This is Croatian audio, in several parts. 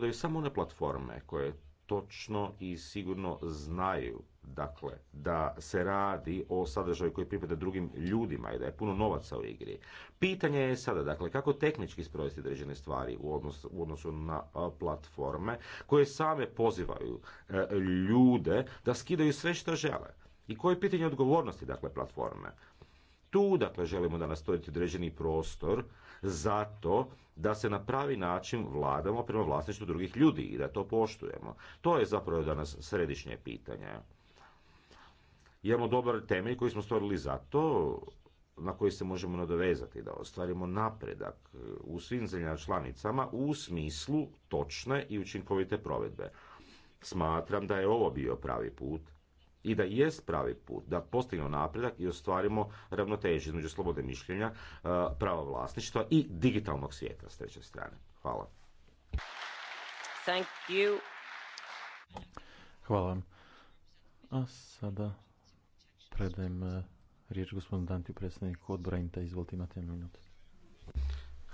da je samo one platforme koje točno i sigurno znaju dakle da se radi o sadržaju koji pripada drugim ljudima i da je puno novaca u igri. Pitanje je sada dakle kako tehnički sprovesti određene stvari u odnosu, u odnosu na platforme koje same pozivaju e, ljude da skidaju sve što žele. I koje je pitanje odgovornosti dakle platforme. Tu dakle želimo da nastojiti određeni prostor zato da se na pravi način vladamo prema vlasništvu drugih ljudi i da to poštujemo. To je zapravo danas središnje pitanje. Imamo dobar temelj koji smo stvorili za to, na koji se možemo nadovezati, da ostvarimo napredak u svim zemljama članicama u smislu točne i učinkovite provedbe. Smatram da je ovo bio pravi put i da jest pravi put da postignemo napredak i ostvarimo ravnotežu između slobode mišljenja, e, prava vlasništva i digitalnog svijeta s treće strane. Hvala. Thank you. Hvala vam. A sada predajem e, riječ gospodinu Dantiju, predsjedniku odbora INTA. Izvolite, imate minutu.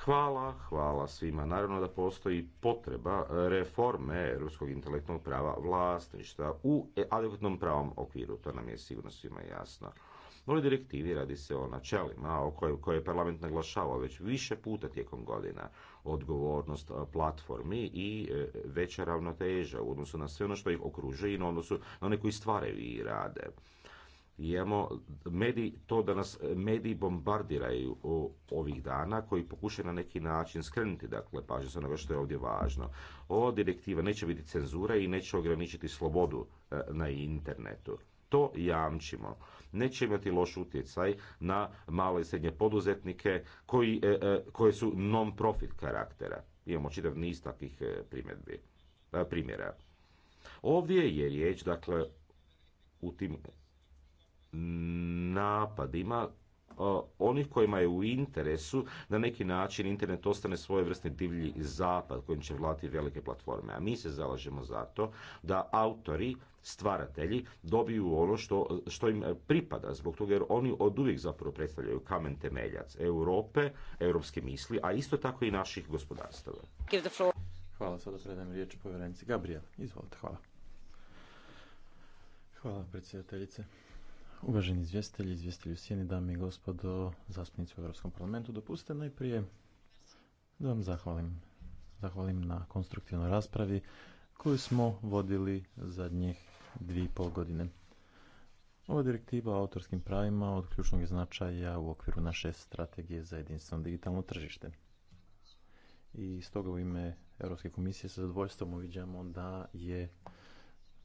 Hvala, hvala svima. Naravno da postoji potreba reforme ruskog intelektnog prava vlasništva u adekvatnom pravom okviru. To nam je sigurno svima jasno. U ovoj direktivi radi se o načelima o kojoj, koje je parlament naglašavao već više puta tijekom godina. Odgovornost platformi i e, veća ravnoteža u odnosu na sve ono što ih okružuje i na odnosu na one koji stvaraju i rade imamo mediji, to da nas eh, mediji bombardiraju ovih dana koji pokušaju na neki način skrenuti dakle pažnju sa onoga što je ovdje važno. Ova direktiva neće biti cenzura i neće ograničiti slobodu eh, na internetu. To jamčimo. Neće imati loš utjecaj na male i srednje poduzetnike koji, eh, koje su non-profit karaktera. Imamo čitav niz takvih primjedbi, primjera. Ovdje je riječ, dakle, u tim napadima onih kojima je u interesu na neki način internet ostane svojevrsni divlji zapad kojim će vlati velike platforme. A mi se zalažemo za to da autori, stvaratelji dobiju ono što, što im pripada zbog toga jer oni od uvijek zapravo predstavljaju kamen temeljac Europe, europske misli, a isto tako i naših gospodarstava. Hvala, sada predajem riječ povjerenici Gabriel. Izvolite, hvala. Hvala predsjedateljice. Uvaženi izvjestitelji, izvjestitelji u sjeni, dame i gospodo, zastupnici u Europskom parlamentu, dopustite najprije da vam zahvalim. Zahvalim na konstruktivnoj raspravi koju smo vodili zadnjih dvije i pol godine. Ova direktiva o autorskim pravima od ključnog značaja u okviru naše strategije za jedinstveno digitalno tržište. I stoga u ime Europske komisije sa zadovoljstvom uviđamo da je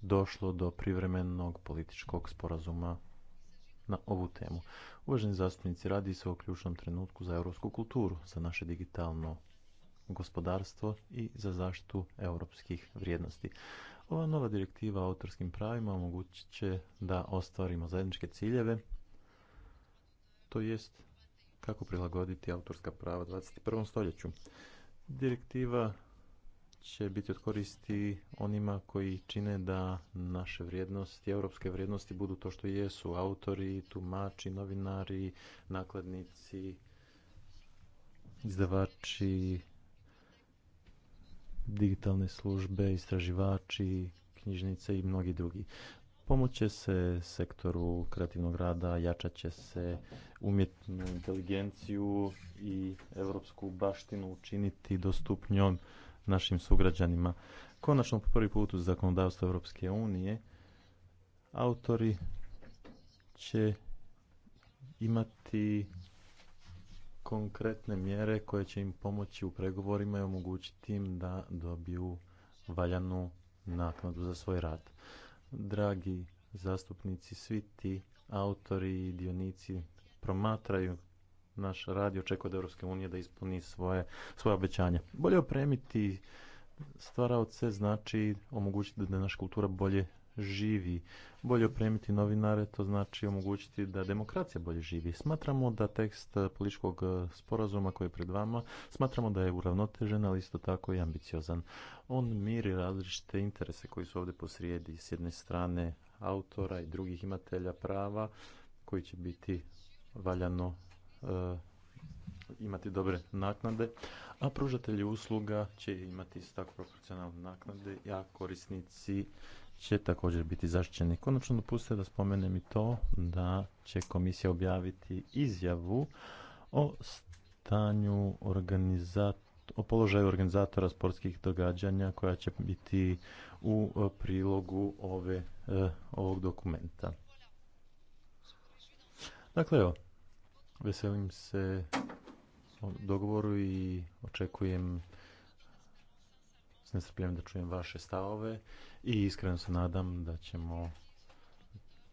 došlo do privremenog političkog sporazuma na ovu temu. Uvaženi zastupnici, radi se o ključnom trenutku za europsku kulturu, za naše digitalno gospodarstvo i za zaštitu europskih vrijednosti. Ova nova direktiva o autorskim pravima omogućit će da ostvarimo zajedničke ciljeve, to jest kako prilagoditi autorska prava 21. stoljeću. Direktiva će biti od koristi onima koji čine da naše vrijednosti, europske vrijednosti budu to što jesu, autori, tumači, novinari, nakladnici, izdavači, digitalne službe, istraživači, knjižnice i mnogi drugi. će se sektoru kreativnog rada, jačat će se umjetnu inteligenciju i europsku baštinu učiniti dostupnjom našim sugrađanima. Konačno, po prvi put u zakonodavstvo Europske unije, autori će imati konkretne mjere koje će im pomoći u pregovorima i omogućiti im da dobiju valjanu naknadu za svoj rad. Dragi zastupnici, svi ti autori i dionici promatraju naš radi očekuje od Europske unije da ispuni svoje, svoje obećanja. Bolje opremiti stvaraoce znači omogućiti da naša kultura bolje živi. Bolje opremiti novinare, to znači omogućiti da demokracija bolje živi. Smatramo da tekst političkog sporazuma koji je pred vama, smatramo da je uravnotežen, ali isto tako i ambiciozan. On miri različite interese koji su ovdje posrijedi. S jedne strane autora i drugih imatelja prava koji će biti valjano E, imati dobre naknade, a pružatelji usluga će imati isto tako proporcionalne naknade, a korisnici će također biti zaštićeni. Konačno dopustite da spomenem i to da će komisija objaviti izjavu o stanju organizatora o položaju organizatora sportskih događanja koja će biti u prilogu ove, e, ovog dokumenta. Dakle, evo, Veselim se dogovoru i očekujem s nestrpljenjem da čujem vaše stavove i iskreno se nadam da ćemo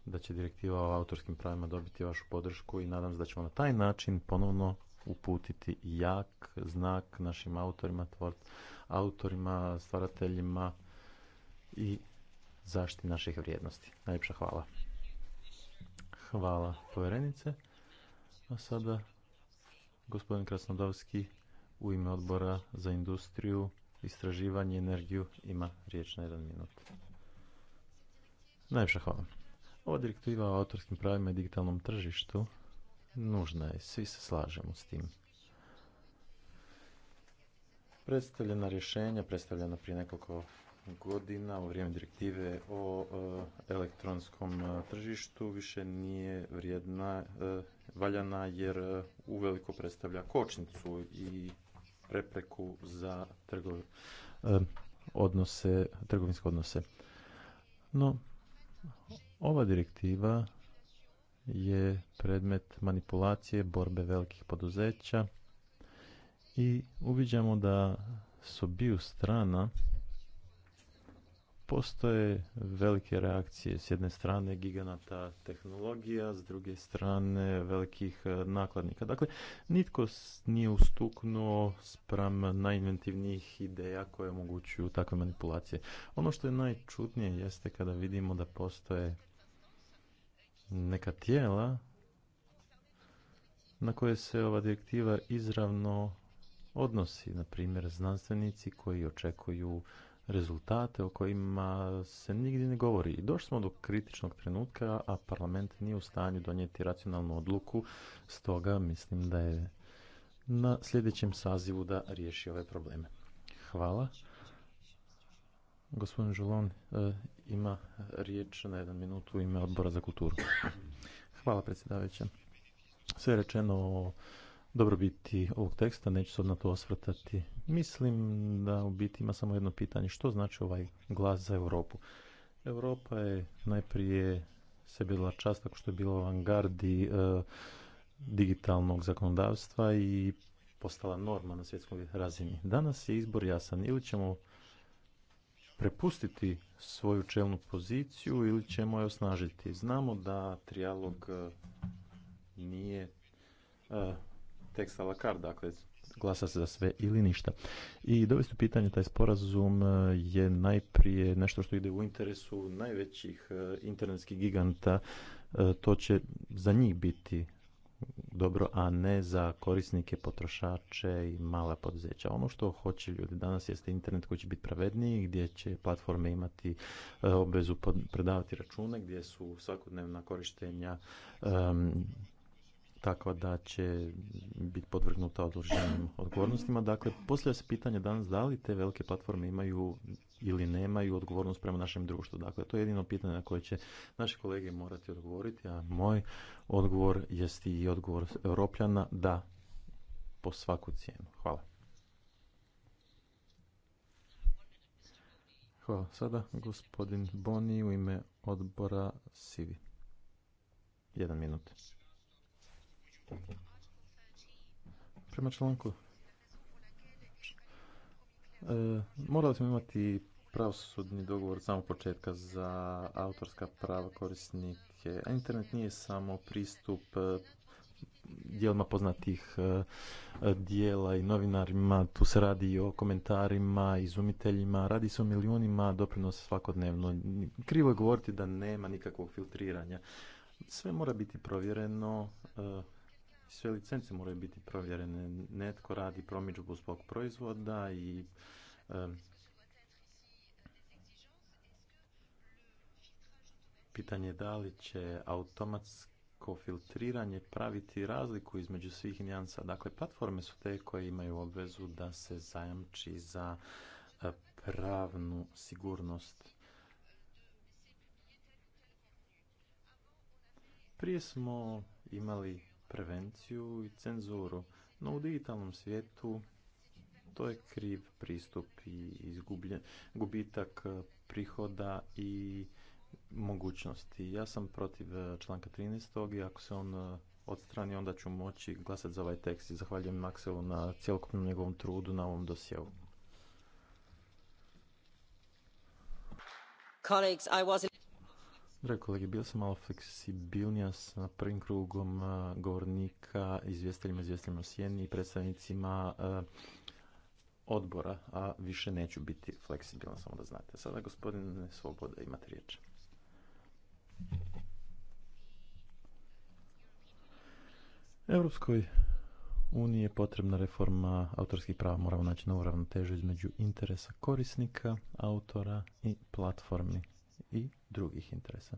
da će direktiva o autorskim pravima dobiti vašu podršku i nadam se da ćemo na taj način ponovno uputiti jak znak našim autorima, autorima, stvarateljima i zaštiti naših vrijednosti. Najljepša hvala. Hvala poverenice. A sada gospodin Krasnodavski u ime odbora za industriju, istraživanje i energiju ima riječ na jedan minut. Najviše hvala. Ova direktiva o autorskim pravima i digitalnom tržištu nužna je, svi se slažemo s tim. Predstavljena rješenja, predstavljena prije nekoliko godina u vrijeme direktive o e, elektronskom e, tržištu više nije vrijedna, e, valjana jer uveliko predstavlja kočnicu i prepreku za odnose, trgovinske odnose. No, ova direktiva je predmet manipulacije, borbe velikih poduzeća i uviđamo da su bio strana postoje velike reakcije s jedne strane giganata tehnologija, s druge strane velikih e, nakladnika. Dakle, nitko nije ustuknuo spram najinventivnijih ideja koje omogućuju takve manipulacije. Ono što je najčudnije jeste kada vidimo da postoje neka tijela na koje se ova direktiva izravno odnosi, na primjer znanstvenici koji očekuju rezultate o kojima se nigdje ne govori. I došli smo do kritičnog trenutka, a parlament nije u stanju donijeti racionalnu odluku, stoga mislim da je na sljedećem sazivu da riješi ove probleme. Hvala. Gospodin Žulon e, ima riječ na jedan minutu u ime odbora za kulturu. Hvala predsjedavajuća. Sve je rečeno o dobrobiti ovog teksta, neću se na to osvrtati. Mislim da u biti ima samo jedno pitanje, što znači ovaj glas za Europu? Europa je najprije se bila čast tako što je bila u avangardi e, digitalnog zakonodavstva i postala norma na svjetskoj razini. Danas je izbor jasan. Ili ćemo prepustiti svoju čelnu poziciju ili ćemo je osnažiti. Znamo da trijalog e, nije e, teksta la carte, dakle glasa se za sve ili ništa. I dovesti u pitanje taj sporazum e, je najprije nešto što ide u interesu najvećih e, internetskih giganta. E, to će za njih biti dobro, a ne za korisnike, potrošače i mala poduzeća. Ono što hoće ljudi danas jeste internet koji će biti pravedniji, gdje će platforme imati obvezu predavati račune, gdje su svakodnevna korištenja takva da će biti podvrgnuta odloženim odgovornostima. Dakle, poslije se pitanje danas da li te velike platforme imaju ili nemaju odgovornost prema našem društvu. Dakle, to je jedino pitanje na koje će naši kolege morati odgovoriti, a moj odgovor jest i odgovor Europljana da po svaku cijenu. Hvala. Hvala. Sada gospodin Boni u ime odbora Sivi. Jedan minut. Prema članku. E, morali smo imati pravosudni dogovor od samog početka za autorska prava korisnike. A internet nije samo pristup e, dijelima poznatih e, dijela i novinarima, tu se radi i o komentarima, izumiteljima, radi se o milijunima doprinosa svakodnevno. Krivo je govoriti da nema nikakvog filtriranja. Sve mora biti provjereno, sve licence moraju biti provjerene. Netko radi promidžbu zbog proizvoda i pitanje da li će automatsko filtriranje praviti razliku između svih nijansa. Dakle, platforme su te koje imaju obvezu da se zajamči za e, pravnu sigurnost. Prije smo imali prevenciju i cenzuru. No u digitalnom svijetu to je kriv pristup i izgubljen, gubitak e, prihoda i mogućnosti. Ja sam protiv e, članka 13. i ako se on e, odstrani onda ću moći glasati za ovaj tekst. i Zahvaljujem Makselu na cjelokupnom njegovom trudu na ovom dosjevu. Colleagues, I was bila kolege, bio sam malo fleksibilnija sa prvim krugom eh, govornika, izvjestiteljima, izvjestiteljima sjeni i predstavnicima eh, odbora, a više neću biti fleksibilan, samo da znate. Sada, gospodine Svoboda, imate riječ. Europskoj uniji je potrebna reforma autorskih prava. Moramo naći novu ravnotežu između interesa korisnika, autora i platformi i drugih interesa.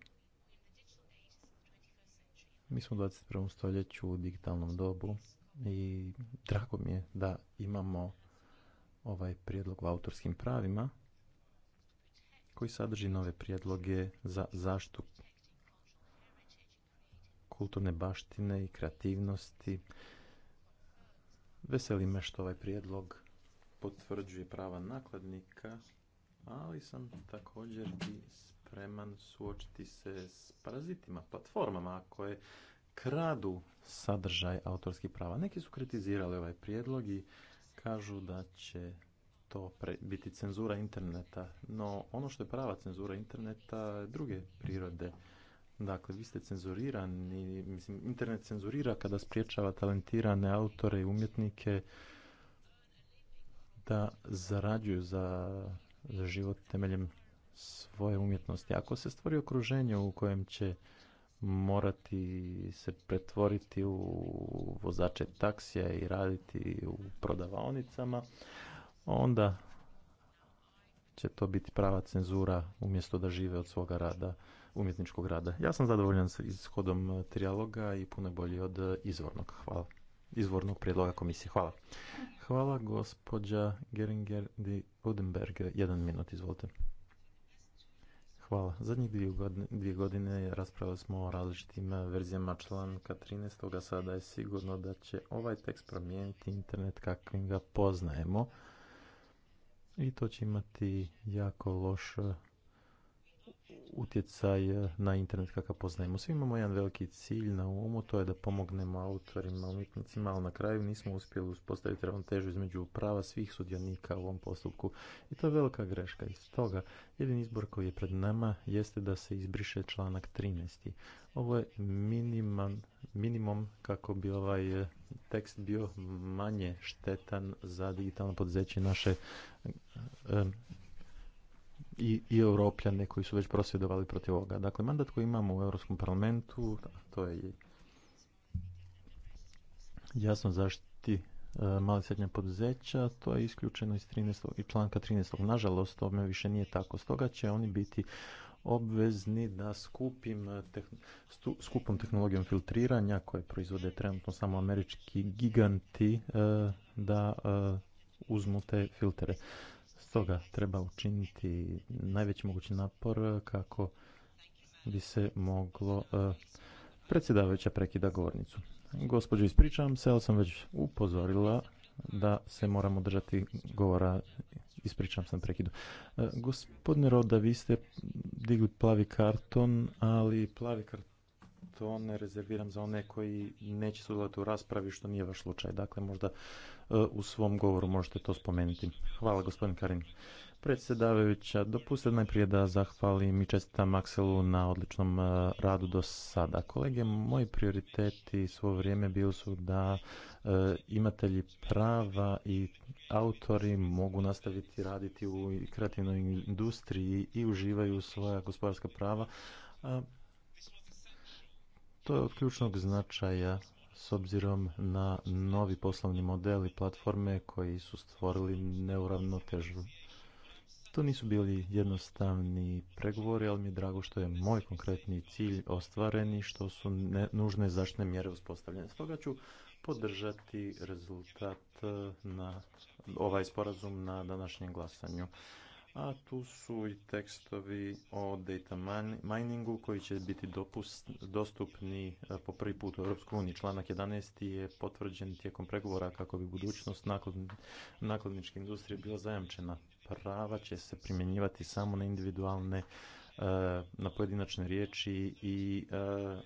Mi smo u 21. stoljeću u digitalnom dobu i drago mi je da imamo ovaj prijedlog o autorskim pravima koji sadrži nove prijedloge za zaštitu kulturne baštine i kreativnosti. Veseli me što ovaj prijedlog potvrđuje prava nakladnika ali sam također i spreman suočiti se s parazitima, platformama koje kradu sadržaj autorskih prava. Neki su kritizirali ovaj prijedlog i kažu da će to biti cenzura interneta, no ono što je prava cenzura interneta druge prirode. Dakle, vi ste cenzurirani, mislim, internet cenzurira kada spriječava talentirane autore i umjetnike da zarađuju za za život temeljem svoje umjetnosti. Ako se stvori okruženje u kojem će morati se pretvoriti u vozače taksija i raditi u prodavaonicama, onda će to biti prava cenzura umjesto da žive od svoga rada, umjetničkog rada. Ja sam zadovoljan s ishodom trijaloga i puno bolji od izvornog. Hvala izvornog prijedloga komisije. Hvala. Hvala gospođa Geringer di Odenberg. Jedan minut, izvolite. Hvala. Zadnjih dvije godine, godine raspravili smo o različitim verzijama članka 13. sada je sigurno da će ovaj tekst promijeniti internet kakvim ga poznajemo i to će imati jako loš utjecaj eh, na internet kakav poznajemo. Svi imamo jedan veliki cilj na umu, to je da pomognemo autorima, umjetnicima, ali na kraju nismo uspjeli uspostaviti ravnotežu između prava svih sudionika u ovom postupku. I to je velika greška. I stoga, jedin izbor koji je pred nama jeste da se izbriše članak 13. Ovo je minimum kako bi ovaj eh, tekst bio manje štetan za digitalno poduzeće naše eh, i, i europljane koji su već prosvjedovali protiv ovoga. Dakle, mandat koji imamo u Europskom parlamentu, to je jasno zaštiti e, mali srednja poduzeća, to je isključeno iz 13. i članka 13. Nažalost, tome više nije tako. Stoga će oni biti obvezni da skupim, e, skupom tehnologijom filtriranja koje proizvode trenutno samo američki giganti e, da uzmu te filtere. Stoga treba učiniti najveći mogući napor kako bi se moglo e, predsjedavajuća prekida govornicu. Gospođo, ispričavam se, ali sam već upozorila da se moramo držati govora. Ispričavam se na prekidu. E, gospodine Roda, vi ste digli plavi karton, ali plavi karton ne rezerviram za one koji neće sudjelovati u raspravi, što nije vaš slučaj. Dakle, možda E, u svom govoru možete to spomenuti. Hvala gospodin Karin. Predsjedavajuća, dopustite najprije da zahvalim i čestitam Akselu na odličnom e, radu do sada. Kolege, moji prioriteti svo vrijeme bio su da e, imatelji prava i autori mogu nastaviti raditi u kreativnoj industriji i uživaju svoja gospodarska prava. to je od ključnog značaja s obzirom na novi poslovni model i platforme koji su stvorili neuravnotežu. To nisu bili jednostavni pregovori, ali mi je drago što je moj konkretni cilj ostvaren i što su nužne zaštne mjere uspostavljene. Stoga ću podržati rezultat eh, na ovaj sporazum na današnjem glasanju a tu su i tekstovi o data miningu koji će biti dostupni e, po prvi put u EU. Članak 11. je potvrđen tijekom pregovora kako bi budućnost nakladničke industrije bila zajamčena. Prava će se primjenjivati samo na individualne, e, na pojedinačne riječi i e,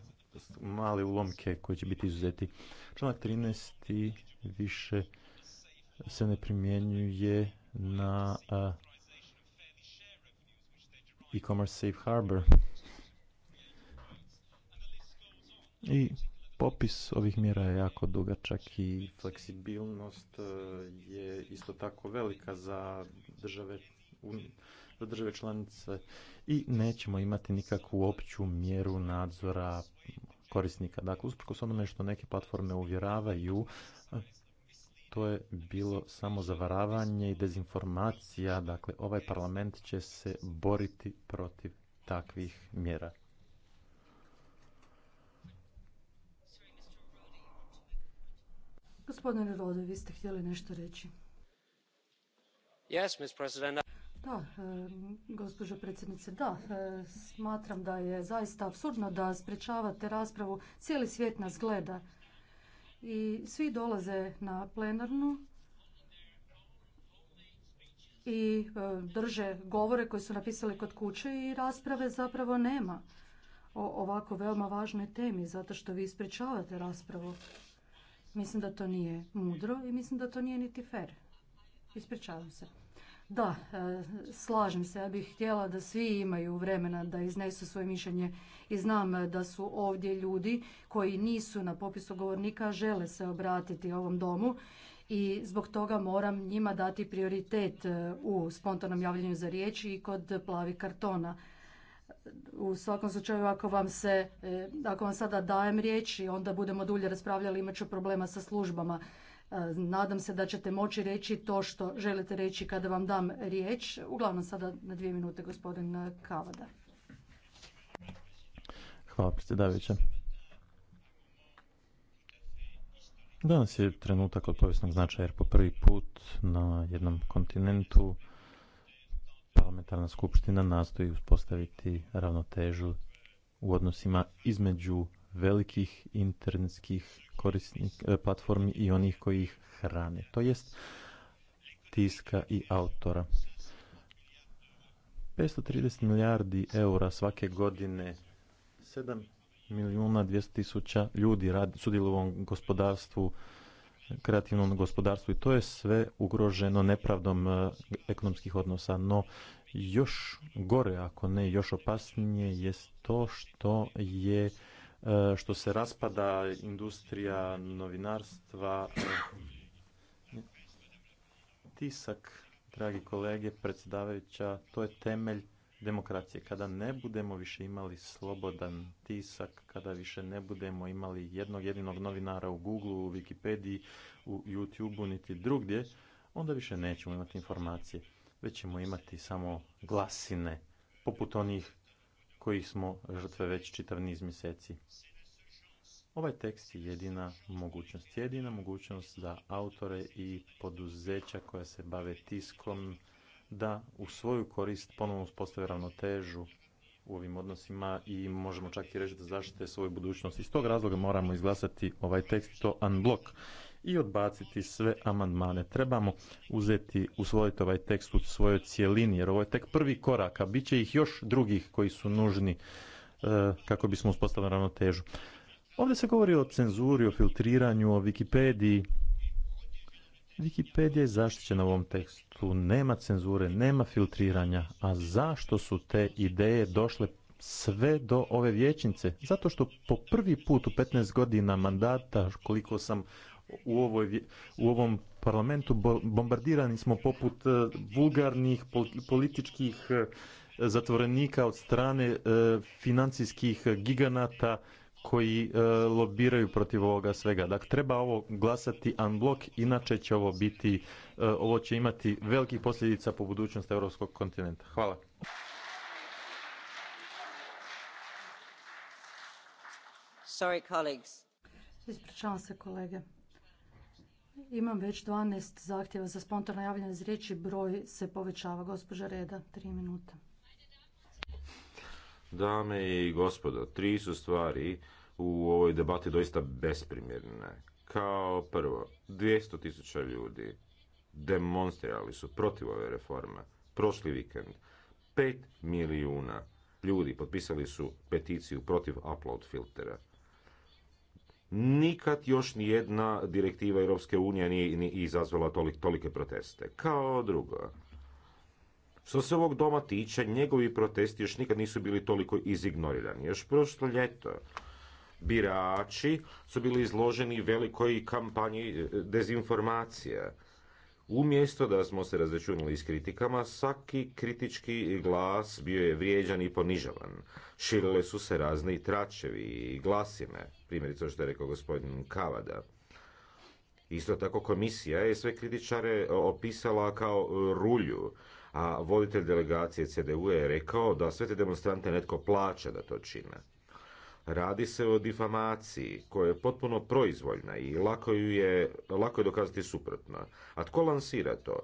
male ulomke koji će biti izuzeti. Članak 13. više se ne primjenjuje na e-commerce safe harbor. I popis ovih mjera je jako dugačak i fleksibilnost e, je isto tako velika za države za države članice i nećemo imati nikakvu opću mjeru nadzora korisnika. Dakle, usprkos onome što neke platforme uvjeravaju to je bilo samo zavaravanje i dezinformacija. Dakle, ovaj parlament će se boriti protiv takvih mjera. Gospodine Rode, vi ste htjeli nešto reći. Yes, Da, e, gospođo predsjednice, da, e, smatram da je zaista absurdno da sprečavate raspravu. Cijeli svijet nas gleda i svi dolaze na plenarnu i e, drže govore koje su napisali kod kuće i rasprave zapravo nema o ovako veoma važnoj temi zato što vi ispričavate raspravu. Mislim da to nije mudro i mislim da to nije niti fer. Ispričavam se. Da, e, slažem se. Ja bih htjela da svi imaju vremena da iznesu svoje mišljenje i znam e, da su ovdje ljudi koji nisu na popisu govornika, žele se obratiti ovom domu i zbog toga moram njima dati prioritet e, u spontanom javljanju za riječi i kod plavih kartona. U svakom slučaju, ako vam, se, ako vam sada dajem riječ i onda budemo dulje raspravljali, imat ću problema sa službama. E, nadam se da ćete moći reći to što želite reći kada vam dam riječ. Uglavnom sada na dvije minute gospodin Kavada. Hvala predsjedavajuća. Danas je trenutak od povijesnog značaja jer po prvi put na jednom kontinentu parlamentarna skupština nastoji uspostaviti ravnotežu u odnosima između velikih internetskih korisnik, e, platformi i onih koji ih hrane, to jest tiska i autora. 530 milijardi eura svake godine, 7 milijuna 200 tisuća ljudi radi, u ovom gospodarstvu, kreativnom gospodarstvu i to je sve ugroženo nepravdom e, ekonomskih odnosa, no još gore, ako ne još opasnije, je to što je E, što se raspada industrija novinarstva. E, tisak, dragi kolege, predsjedavajuća, to je temelj demokracije. Kada ne budemo više imali slobodan tisak, kada više ne budemo imali jednog jedinog novinara u Google, u Wikipediji, u YouTubeu, niti drugdje, onda više nećemo imati informacije. Već ćemo imati samo glasine, poput onih kojih smo žrtve već čitav niz mjeseci. Ovaj tekst je jedina mogućnost, jedina mogućnost da autore i poduzeća koja se bave tiskom da u svoju korist ponovno uspostave ravnotežu u ovim odnosima i možemo čak i reći da zaštite svoju budućnost. Iz tog razloga moramo izglasati ovaj tekst to unblock i odbaciti sve amandmane. Trebamo uzeti, usvojiti ovaj tekst u svojoj cjelini, jer ovo je tek prvi korak, a bit će ih još drugih koji su nužni e, kako bismo uspostavili ravnotežu. Ovdje se govori o cenzuri, o filtriranju, o Wikipediji. Wikipedija je zaštićena u ovom tekstu. Nema cenzure, nema filtriranja. A zašto su te ideje došle sve do ove vječnice? Zato što po prvi put u 15 godina mandata koliko sam u, u ovom parlamentu bombardirani smo poput e, vulgarnih političkih e, zatvorenika od strane e, financijskih giganata koji lobiraju protiv ovoga svega. Dakle, treba ovo glasati unblock, inače će ovo biti, ovo će imati velikih posljedica po budućnosti europskog kontinenta. Hvala. Sorry, colleagues. se kolege. Imam već 12 zahtjeva za spontano javljanje iz riječi. Broj se povećava. Gospođa Reda, tri minuta. Dame i gospodo, tri su stvari u ovoj debati doista besprimjerne. Kao prvo, 200 tisuća ljudi demonstrirali su protiv ove reforme prošli vikend. 5 milijuna ljudi potpisali su peticiju protiv upload filtera nikad još ni jedna direktiva Europske unije nije ni izazvala tolik, tolike proteste. Kao drugo, što se ovog doma tiče, njegovi protesti još nikad nisu bili toliko izignorirani. Još prošlo ljeto birači su bili izloženi velikoj kampanji e, dezinformacije. Umjesto da smo se razrečunili s kritikama, svaki kritički glas bio je vrijeđan i ponižavan. Širile su se razni tračevi i glasine, primjerice što je rekao gospodin Kavada. Isto tako komisija je sve kritičare opisala kao rulju, a voditelj delegacije CDU je rekao da sve te demonstrante netko plaća da to čine. Radi se o difamaciji koja je potpuno proizvoljna i lako, ju je, lako je dokazati suprotno. A tko lansira to?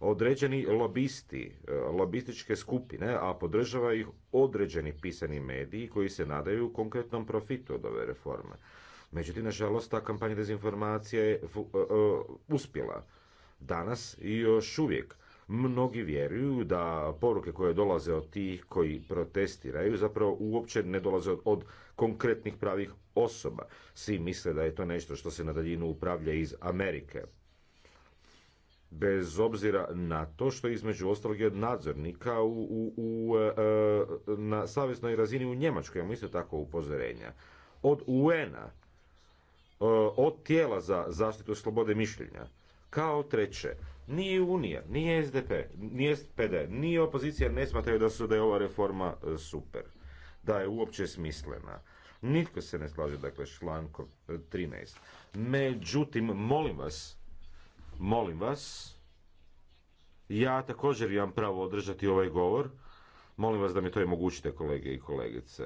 Određeni lobisti, e, lobističke skupine, a podržava ih određeni pisani mediji koji se nadaju konkretnom profitu od ove reforme. Međutim, nažalost, ta kampanja dezinformacija je e, e, uspjela. Danas i još uvijek mnogi vjeruju da poruke koje dolaze od tih koji protestiraju zapravo uopće ne dolaze od konkretnih pravih osoba. Svi misle da je to nešto što se na daljinu upravlja iz Amerike. Bez obzira na to što između ostalog od nadzornika u, u, u, e, na savjesnoj razini u Njemačkoj, imamo isto tako upozorenja. Od UN-a, e, od tijela za zaštitu slobode mišljenja, kao treće, nije Unija, nije SDP, nije SPD, nije opozicija, ne smatraju da su da je ova reforma e, super da je uopće smislena. Nitko se ne slaže, dakle, člankom 13. E, Međutim, molim vas, molim vas, ja također imam pravo održati ovaj govor. Molim vas da mi to i mogućite, kolege i kolegice.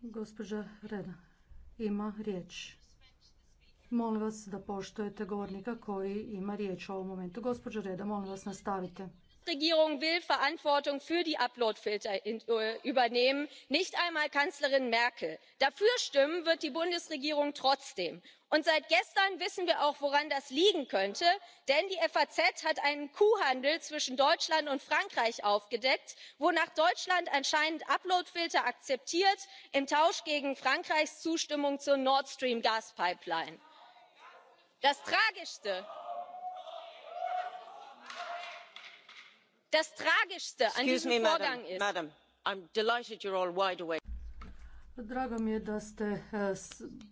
Gospođa Reda ima riječ. Molim vas da poštojete govornika koji ima riječ u ovom momentu. Gospođo Reda, molim vas nastavite. Regierung will Verantwortung für die Uploadfilter äh, übernehmen, nicht einmal Kanzlerin Merkel. Dafür stimmen wird die Bundesregierung trotzdem. Und seit gestern wissen wir auch, woran das liegen könnte, denn die FAZ hat einen Kuhhandel zwischen Deutschland und Frankreich aufgedeckt, wonach Deutschland anscheinend Uploadfilter akzeptiert im Tausch gegen Frankreichs Zustimmung zur Nord Stream Gaspipeline das tragischste das tragischste an diesem vorgang ist Drago mi je da ste eh,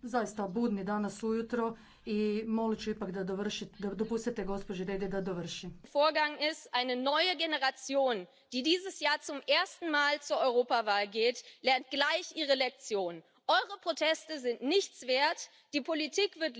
zaista budni danas ujutro i molit ću ipak da, dovrši, da dopustite gospođi Rede da dovrši. Vorgang ist eine neue Generation, die dieses Jahr zum ersten Mal zur Europawahl geht, lernt gleich ihre Lektion eure proteste sind nichts wert die politik wird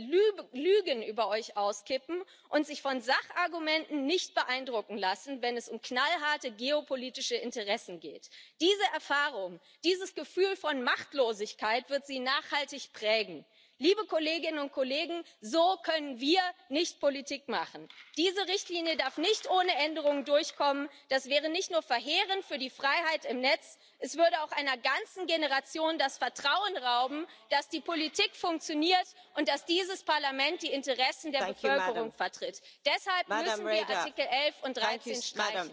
lügen über euch auskippen und sich von sachargumenten nicht beeindrucken lassen wenn es um knallharte geopolitische interessen geht. diese erfahrung dieses gefühl von machtlosigkeit wird sie nachhaltig prägen liebe kolleginnen und kollegen so können wir nicht politik machen! diese richtlinie darf nicht ohne änderungen durchkommen das wäre nicht nur verheerend für die freiheit im netz es würde auch einer ganzen generation das vertrauen rauben dass die politik funktioniert und dass dieses parlament die interessen der bevölkerung vertritt. deshalb müssen wir artikel elf und dreizehn streichen.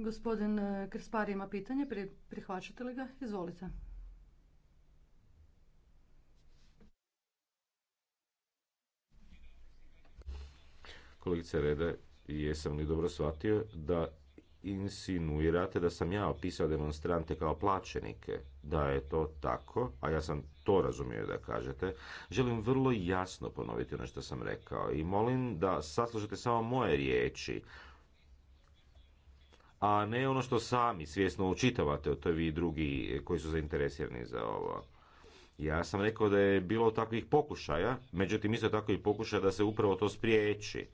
Gospodin e, Krspar ima pitanje, prihvaćate li ga? Izvolite. Kolegice Rede, jesam li dobro shvatio da insinuirate da sam ja opisao demonstrante kao plaćenike? Da je to tako, a ja sam to razumio da kažete. Želim vrlo jasno ponoviti ono što sam rekao i molim da saslušate samo moje riječi a ne ono što sami svjesno učitavate to je vi drugi koji su zainteresirani za ovo. Ja sam rekao da je bilo takvih pokušaja, međutim isto tako i pokušaja da se upravo to spriječi.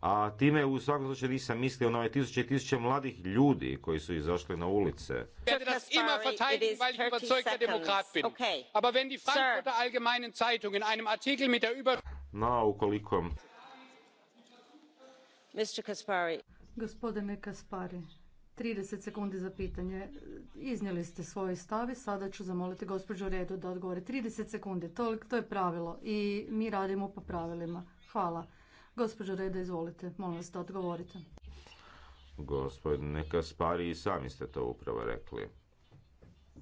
A time u svakom slučaju nisam mislio na ove tisuće i tisuće mladih ljudi koji su izašli na ulice. Na, ukoliko... Mr. Kaspari. Gospodine Kaspari, 30 sekundi za pitanje. Iznijeli ste svoje stavi, sada ću zamoliti gospođu Redu da odgovori. 30 sekundi, to, to je pravilo i mi radimo po pravilima. Hvala. Gospođo Reda, izvolite, molim vas da odgovorite. Gospodine Kaspari, i sami ste to upravo rekli.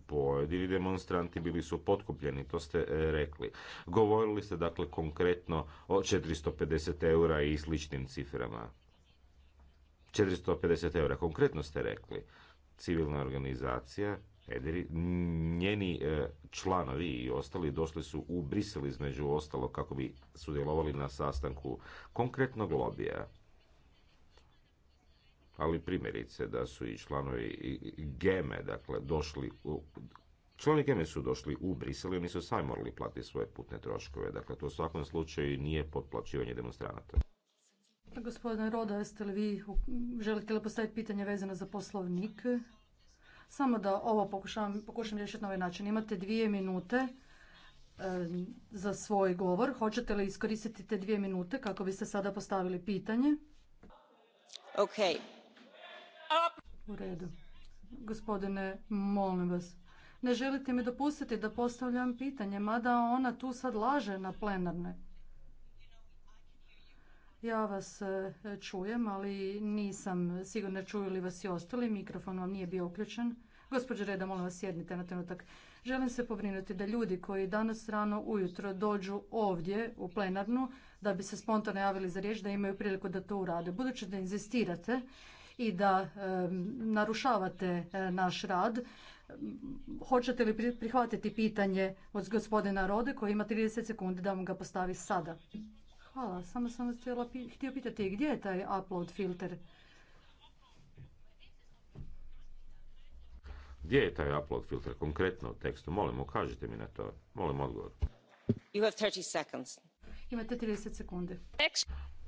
Pojedini demonstranti bili su potkupljeni, to ste e, rekli. Govorili ste dakle konkretno o 450 eura i sličnim ciframa 450 eura. Konkretno ste rekli, civilna organizacija, njeni e, članovi i ostali došli su u Brisel između ostalo kako bi sudjelovali na sastanku konkretnog lobija. Ali primjerice da su i članovi Geme, dakle, došli u, Članovi Geme su došli u Brisel i oni su sami morali platiti svoje putne troškove. Dakle, to u svakom slučaju nije potplaćivanje demonstranata. Gospodine Roda, jeste li vi, želite li postaviti pitanje vezano za poslovnik? Samo da ovo pokušam, pokušam riješiti na ovaj način. Imate dvije minute e, za svoj govor. Hoćete li iskoristiti te dvije minute kako biste sada postavili pitanje? Ok. U redu. Gospodine, molim vas. Ne želite mi dopustiti da postavljam pitanje, mada ona tu sad laže na plenarne. Ja vas e, čujem, ali nisam sigurna čuju li vas i ostali. Mikrofon vam nije bio uključen. Gospođo Reda, molim vas sjednite na trenutak. Želim se pobrinuti da ljudi koji danas rano ujutro dođu ovdje u plenarnu da bi se spontano javili za riječ, da imaju priliku da to urade. Budući da inzistirate i da e, narušavate e, naš rad, hoćete li prihvatiti pitanje od gospodina Rode koji ima 30 sekundi da vam ga postavi sada? Hvala, samo sam vas htio pitati gdje je taj upload filter? Gdje je taj upload filter konkretno u tekstu? Molim, ukažite mi na to. Molim odgovor. Imate 30 sekundi.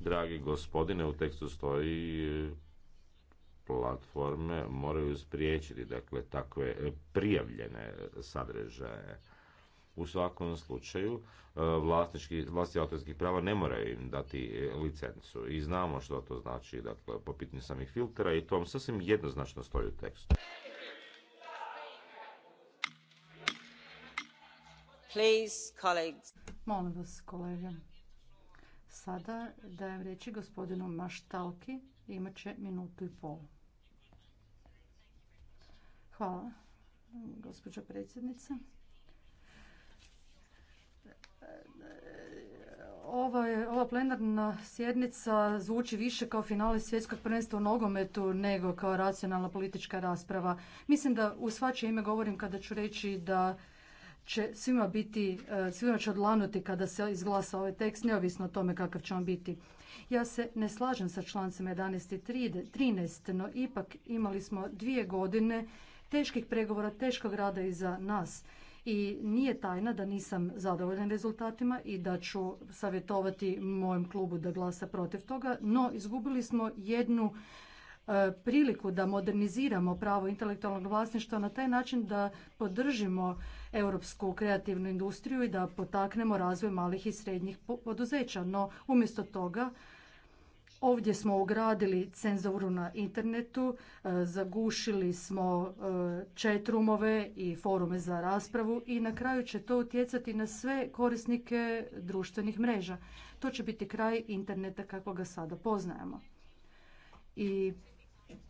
Dragi gospodine, u tekstu stoji e, platforme moraju spriječiti dakle takve e, prijavljene sadržaje. U svakom slučaju e, vlasnički, vlasti autorskih prava ne moraju im dati e, licencu i znamo što to znači dakle, po pitanju samih filtera i to vam sasvim jednoznačno stoji u tekstu. Please, colleagues. Molim vas, kolega. Sada dajem riječi gospodinu Maštalki, imat će minutu i pol. Hvala, gospođa predsjednice. Ova, ova plenarna sjednica zvuči više kao finale svjetskog prvenstva u nogometu nego kao racionalna politička rasprava. Mislim da u svačije ime govorim kada ću reći da će svima biti, e, svima će odlanuti kada se izglasa ovaj tekst, neovisno o tome kakav će on biti. Ja se ne slažem sa člancima 11 i 13, no ipak imali smo dvije godine teških pregovora, teškog rada iza nas i nije tajna da nisam zadovoljan rezultatima i da ću savjetovati mojem klubu da glasa protiv toga, no izgubili smo jednu e, priliku da moderniziramo pravo intelektualnog vlasništva na taj način da podržimo europsku kreativnu industriju i da potaknemo razvoj malih i srednjih poduzeća. No, umjesto toga Ovdje smo ugradili cenzuru na internetu, e, zagušili smo e, četrumove i forume za raspravu i na kraju će to utjecati na sve korisnike društvenih mreža. To će biti kraj interneta kako ga sada poznajemo. I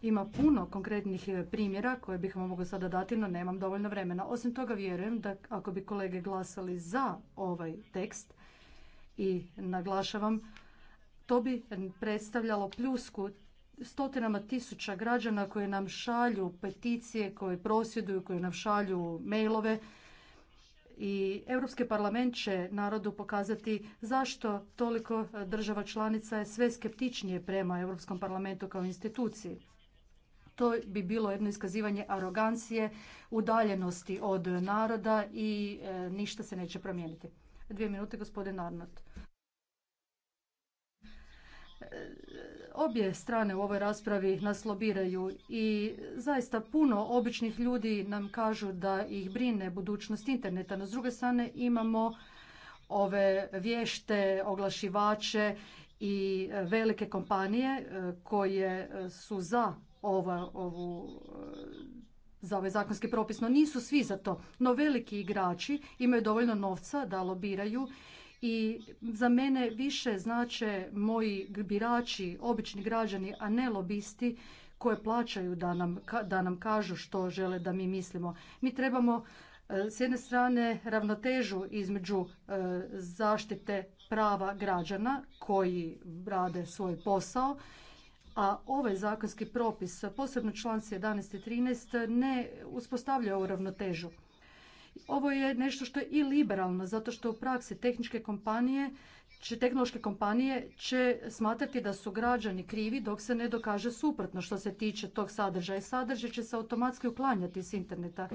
ima puno konkretnih primjera koje bih vam mogla sada dati, no nemam dovoljno vremena. Osim toga vjerujem da ako bi kolege glasali za ovaj tekst i naglašavam to bi predstavljalo pljusku stotinama tisuća građana koje nam šalju peticije, koje prosvjeduju, koji nam šalju mailove. I Europski parlament će narodu pokazati zašto toliko država članica je sve skeptičnije prema Europskom parlamentu kao instituciji. To bi bilo jedno iskazivanje arogancije, udaljenosti od naroda i e, ništa se neće promijeniti. Dvije minute, gospodin Arnott obje strane u ovoj raspravi nas lobiraju i zaista puno običnih ljudi nam kažu da ih brine budućnost interneta. No, s druge strane imamo ove vješte, oglašivače i velike kompanije e, koje su za ova, ovu e, za ovaj zakonski propis, no nisu svi za to. No veliki igrači imaju dovoljno novca da lobiraju i za mene više znače moji birači, obični građani, a ne lobisti koje plaćaju da nam, da nam kažu što žele da mi mislimo. Mi trebamo e, s jedne strane ravnotežu između e, zaštite prava građana koji rade svoj posao, a ovaj zakonski propis, posebno članci 11. i 13. ne uspostavlja ovu ravnotežu. Ovo je nešto što je i liberalno, zato što u praksi tehničke kompanije će, tehnološke kompanije će smatrati da su građani krivi dok se ne dokaže suprotno što se tiče tog sadržaja. Sadržaj će se automatski uklanjati s interneta.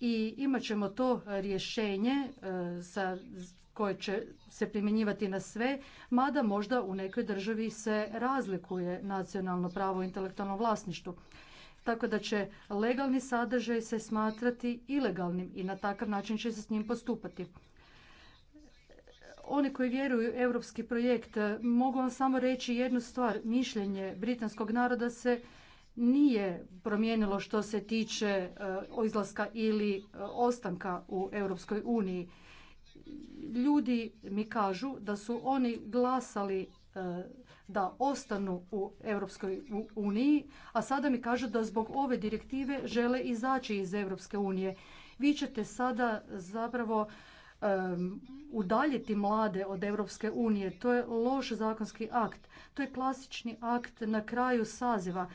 I imat ćemo to rješenje e, sa koje će se primjenjivati na sve, mada možda u nekoj državi se razlikuje nacionalno pravo intelektualnom vlasništvu tako da će legalni sadržaj se smatrati ilegalnim i na takav način će se s njim postupati. Oni koji vjeruju u europski projekt mogu vam samo reći jednu stvar. Mišljenje britanskog naroda se nije promijenilo što se tiče e, izlaska ili e, ostanka u Europskoj uniji. Ljudi mi kažu da su oni glasali e, da ostanu u Europskoj uniji, a sada mi kažu da zbog ove direktive žele izaći iz Europske unije. Vi ćete sada zapravo udaljiti mlade od Europske unije. To je loš zakonski akt. To je klasični akt na kraju saziva.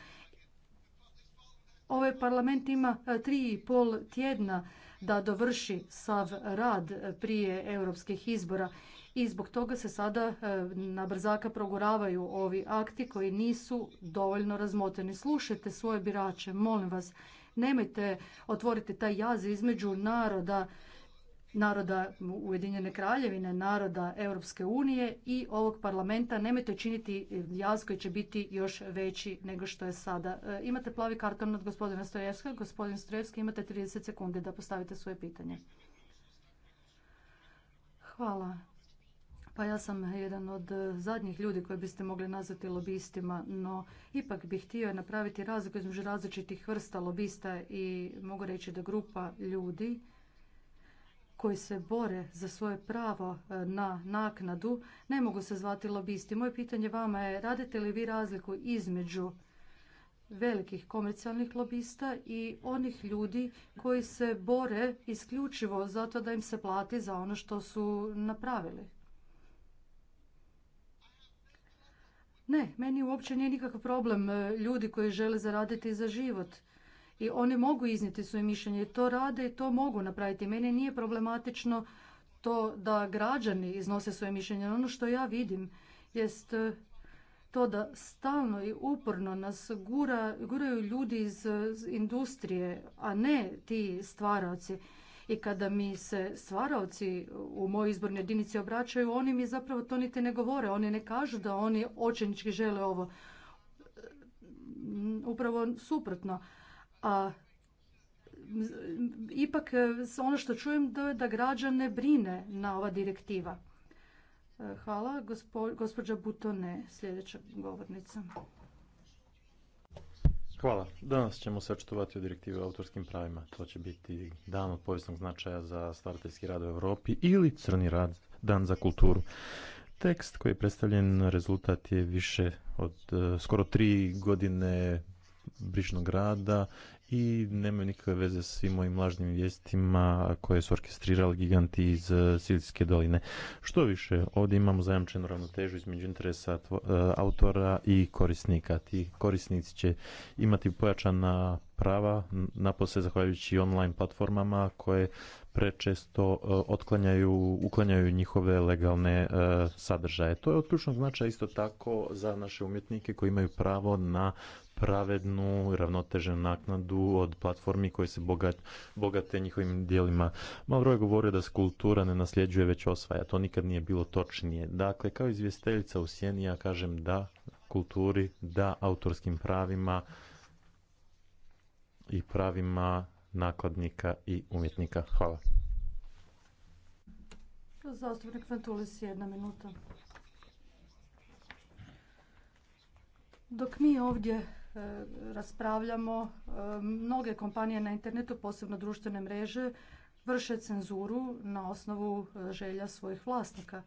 Ovaj parlament ima e, tri i pol tjedna da dovrši sav rad prije europskih izbora i zbog toga se sada e, na brzaka proguravaju ovi akti koji nisu dovoljno razmotreni. Slušajte svoje birače, molim vas, nemojte otvoriti taj jaz između naroda naroda Ujedinjene kraljevine, naroda Europske unije i ovog parlamenta. Nemojte činiti jaz koji će biti još veći nego što je sada. E, imate plavi karton od gospodina Strojevska. Gospodin Stojevski imate 30 sekundi da postavite svoje pitanje. Hvala pa ja sam jedan od e, zadnjih ljudi koji biste mogli nazvati lobistima, no ipak bih htio napraviti razliku između različitih vrsta lobista i mogu reći da grupa ljudi koji se bore za svoje pravo e, na naknadu ne mogu se zvati lobisti. Moje pitanje vama je radite li vi razliku između velikih komercijalnih lobista i onih ljudi koji se bore isključivo zato da im se plati za ono što su napravili. Ne, meni uopće nije nikakav problem e, ljudi koji žele zaraditi za život. I oni mogu iznijeti svoje mišljenje, to rade i to mogu napraviti. Meni nije problematično to da građani iznose svoje mišljenje. Ono što ja vidim jest e, to da stalno i uporno nas guraju ljudi iz industrije, a ne ti stvaraoci i kada mi se stvaraoci u mojoj izbornoj jedinici obraćaju, oni mi zapravo to niti ne govore, oni ne kažu da oni očenički žele ovo. Mm, upravo suprotno. A mm, ipak e, ono što čujem da je da građane brine na ova direktiva. E, hvala. gospođa Butone, sljedeća govornica. Hvala. Danas ćemo se očitovati o direktivi o autorskim pravima. To će biti dan od povijesnog značaja za stvarateljski rad u Europi ili crni rad, dan za kulturu. Tekst koji je predstavljen rezultat je više od eh, skoro tri godine brižnog rada i nemaju nikakve veze s svim mojim lažnim vijestima koje su orkestrirali giganti iz e, Silicijske doline. Što više, ovdje imamo zajamčenu ravnotežu između interesa e, autora i korisnika. Ti korisnici će imati pojačana prava, napose zahvaljujući online platformama koje prečesto e, otklanjaju, uklanjaju njihove legalne sadržaje. To je od ključnog značaja isto tako za naše umjetnike koji imaju pravo na pravednu i ravnoteženu naknadu od platformi koje se bogate, bogate njihovim dijelima. Malo je govorio da se kultura ne nasljeđuje već osvaja. To nikad nije bilo točnije. Dakle, kao izvjesteljica u Sjeni ja kažem da kulturi, da autorskim pravima i pravima nakladnika i umjetnika. Hvala. jedna minuta. Dok mi ovdje E, raspravljamo. E, mnoge kompanije na internetu, posebno društvene mreže, vrše cenzuru na osnovu e, želja svojih vlasnika.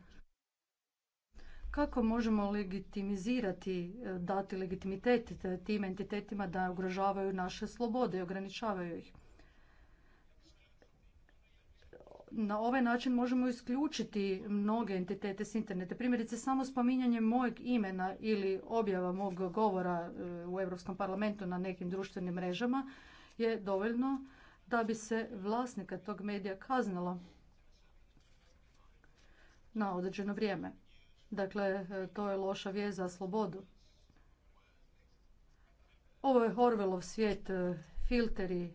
Kako možemo legitimizirati, dati legitimitet tim entitetima da ugrožavaju naše slobode i ograničavaju ih? na ovaj način možemo isključiti mnoge entitete s interneta. Primjerice, samo spominjanje mojeg imena ili objava mog govora e, u Europskom parlamentu na nekim društvenim mrežama je dovoljno da bi se vlasnika tog medija kaznilo na određeno vrijeme. Dakle, e, to je loša vijest za slobodu. Ovo je Horvelov svijet, e, filteri,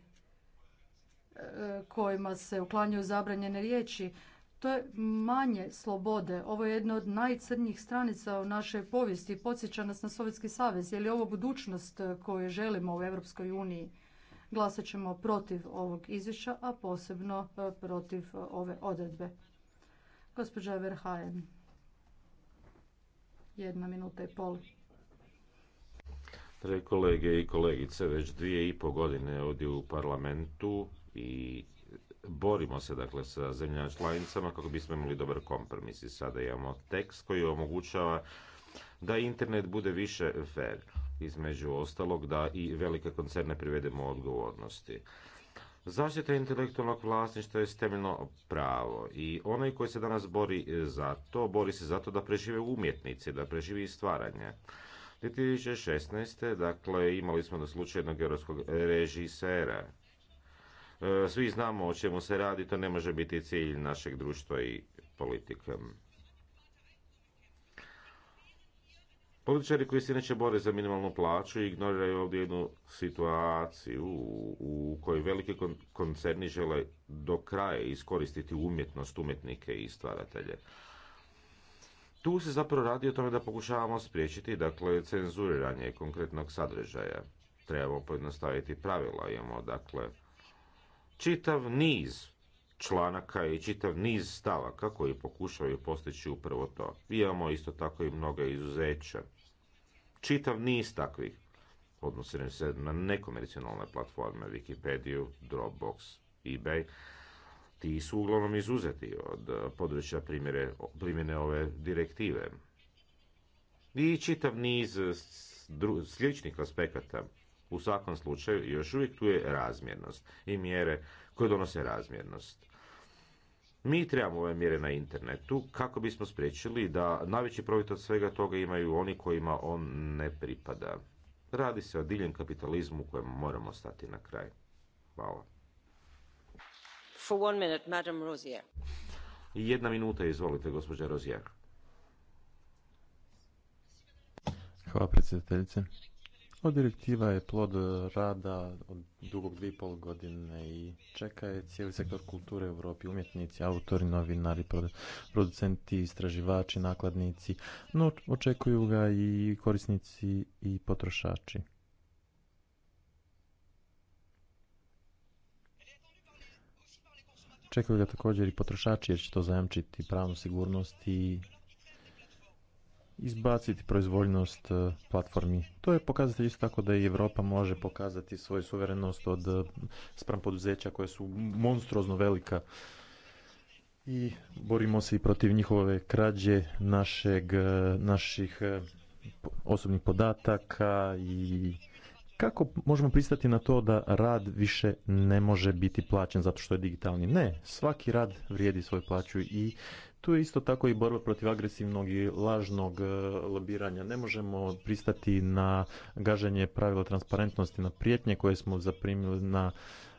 kojima se uklanjaju zabranjene riječi. To je manje slobode. Ovo je jedna od najcrnjih stranica u našoj povijesti. Podsjeća nas na Sovjetski savez. Je li ovo budućnost koju želimo u Europskoj uniji? Glasat ćemo protiv ovog izvješća, a posebno e, protiv e, ove odredbe. Gospođa Verhaen, jedna minuta i pol. Dre kolege i kolegice, već dvije i po godine ovdje u parlamentu i borimo se dakle sa zemljama članicama kako bismo imali dobar kompromis i sada imamo tekst koji omogućava da internet bude više fair između ostalog da i velike koncerne privedemo odgovornosti. Zaštita intelektualnog vlasništva je temeljno pravo i onaj koji se danas bori za to, bori se zato da prežive umjetnici, da preživi i stvaranje. 2016. dakle imali smo na slučaju jednog europskog režisera E, svi znamo o čemu se radi, to ne može biti cilj našeg društva i politike. Političari koji se neće bore za minimalnu plaću ignoriraju ovdje jednu situaciju u kojoj veliki koncerni žele do kraja iskoristiti umjetnost umjetnike i stvaratelje. Tu se zapravo radi o tome da pokušavamo spriječiti dakle, cenzuriranje konkretnog sadržaja. Trebamo pojednostaviti pravila, imamo dakle čitav niz članaka i čitav niz stavaka koji pokušavaju postići upravo to. Imamo isto tako i mnoga izuzeća. Čitav niz takvih odnosi se na nekomercionalne platforme, Wikipediju, Dropbox, eBay. Ti su uglavnom izuzeti od eh, područja primjene ove direktive. I čitav niz sličnih aspekata u svakom slučaju još uvijek tu je razmjernost i mjere koje donose razmjernost. Mi trebamo ove mjere na internetu kako bismo spriječili da najveći profit od svega toga imaju oni kojima on ne pripada. Radi se o diljem kapitalizmu kojem moramo stati na kraj. Hvala. Jedna minuta, izvolite, gospođa Rozier. Hvala predsjedateljice. Ova pa direktiva je plod rada od dugog dvije i pol godine i čeka je cijeli sektor kulture u Europi, umjetnici, autori, novinari, producenti, istraživači, nakladnici, no očekuju ga i korisnici i potrošači. Čekaju ga također i potrošači jer će to zajamčiti pravnu sigurnost i izbaciti proizvoljnost e, platformi. To je pokazatelj isto tako da i Europa može pokazati svoju suverenost od e, spram poduzeća koje su monstruozno velika i borimo se i protiv njihove krađe našeg, e, naših osobnih podataka i kako možemo pristati na to da rad više ne može biti plaćen zato što je digitalni? Ne, svaki rad vrijedi svoju plaću i tu je isto tako i borba protiv agresivnog i lažnog e, lobiranja. Ne možemo pristati na gaženje pravila transparentnosti, na prijetnje koje smo zaprimili na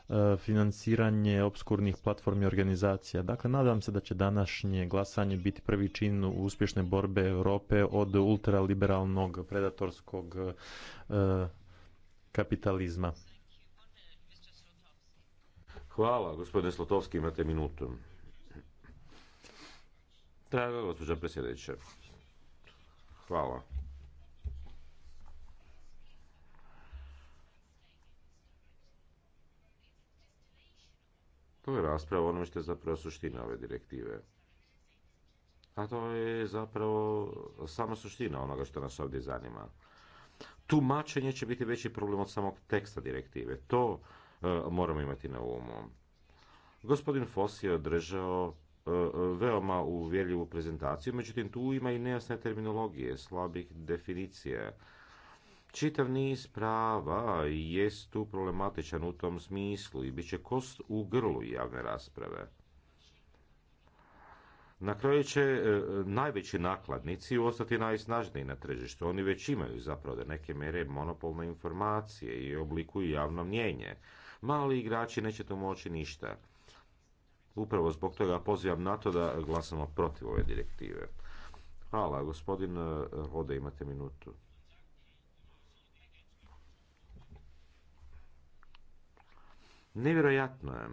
e, financiranje obskurnih platformi i organizacija. Dakle, nadam se da će današnje glasanje biti prvi čin uspješne borbe Europe od ultraliberalnog predatorskog e, kapitalizma. Hvala, gospodine Slotovski, imate minutu. Draga gospođa predsjedeća, hvala. To je rasprava onome što je zapravo suština ove direktive. A to je zapravo sama suština onoga što nas ovdje zanima. Tumačenje će biti veći problem od samog teksta direktive. To e, moramo imati na umu. Gospodin Foss je održao veoma uvjerljivu prezentaciju, međutim tu ima i nejasne terminologije, slabih definicije. Čitav niz prava jest tu problematičan u tom smislu i bit će kost u grlu javne rasprave. Na kraju će e, najveći nakladnici ostati najsnažniji na tržištu. Oni već imaju zapravo da neke mere monopolne informacije i oblikuju javno mnjenje. Mali igrači neće to moći ništa. Upravo zbog toga pozivam na to da glasamo protiv ove direktive. Hvala, gospodin eh, Rode, imate minutu. Nevjerojatno je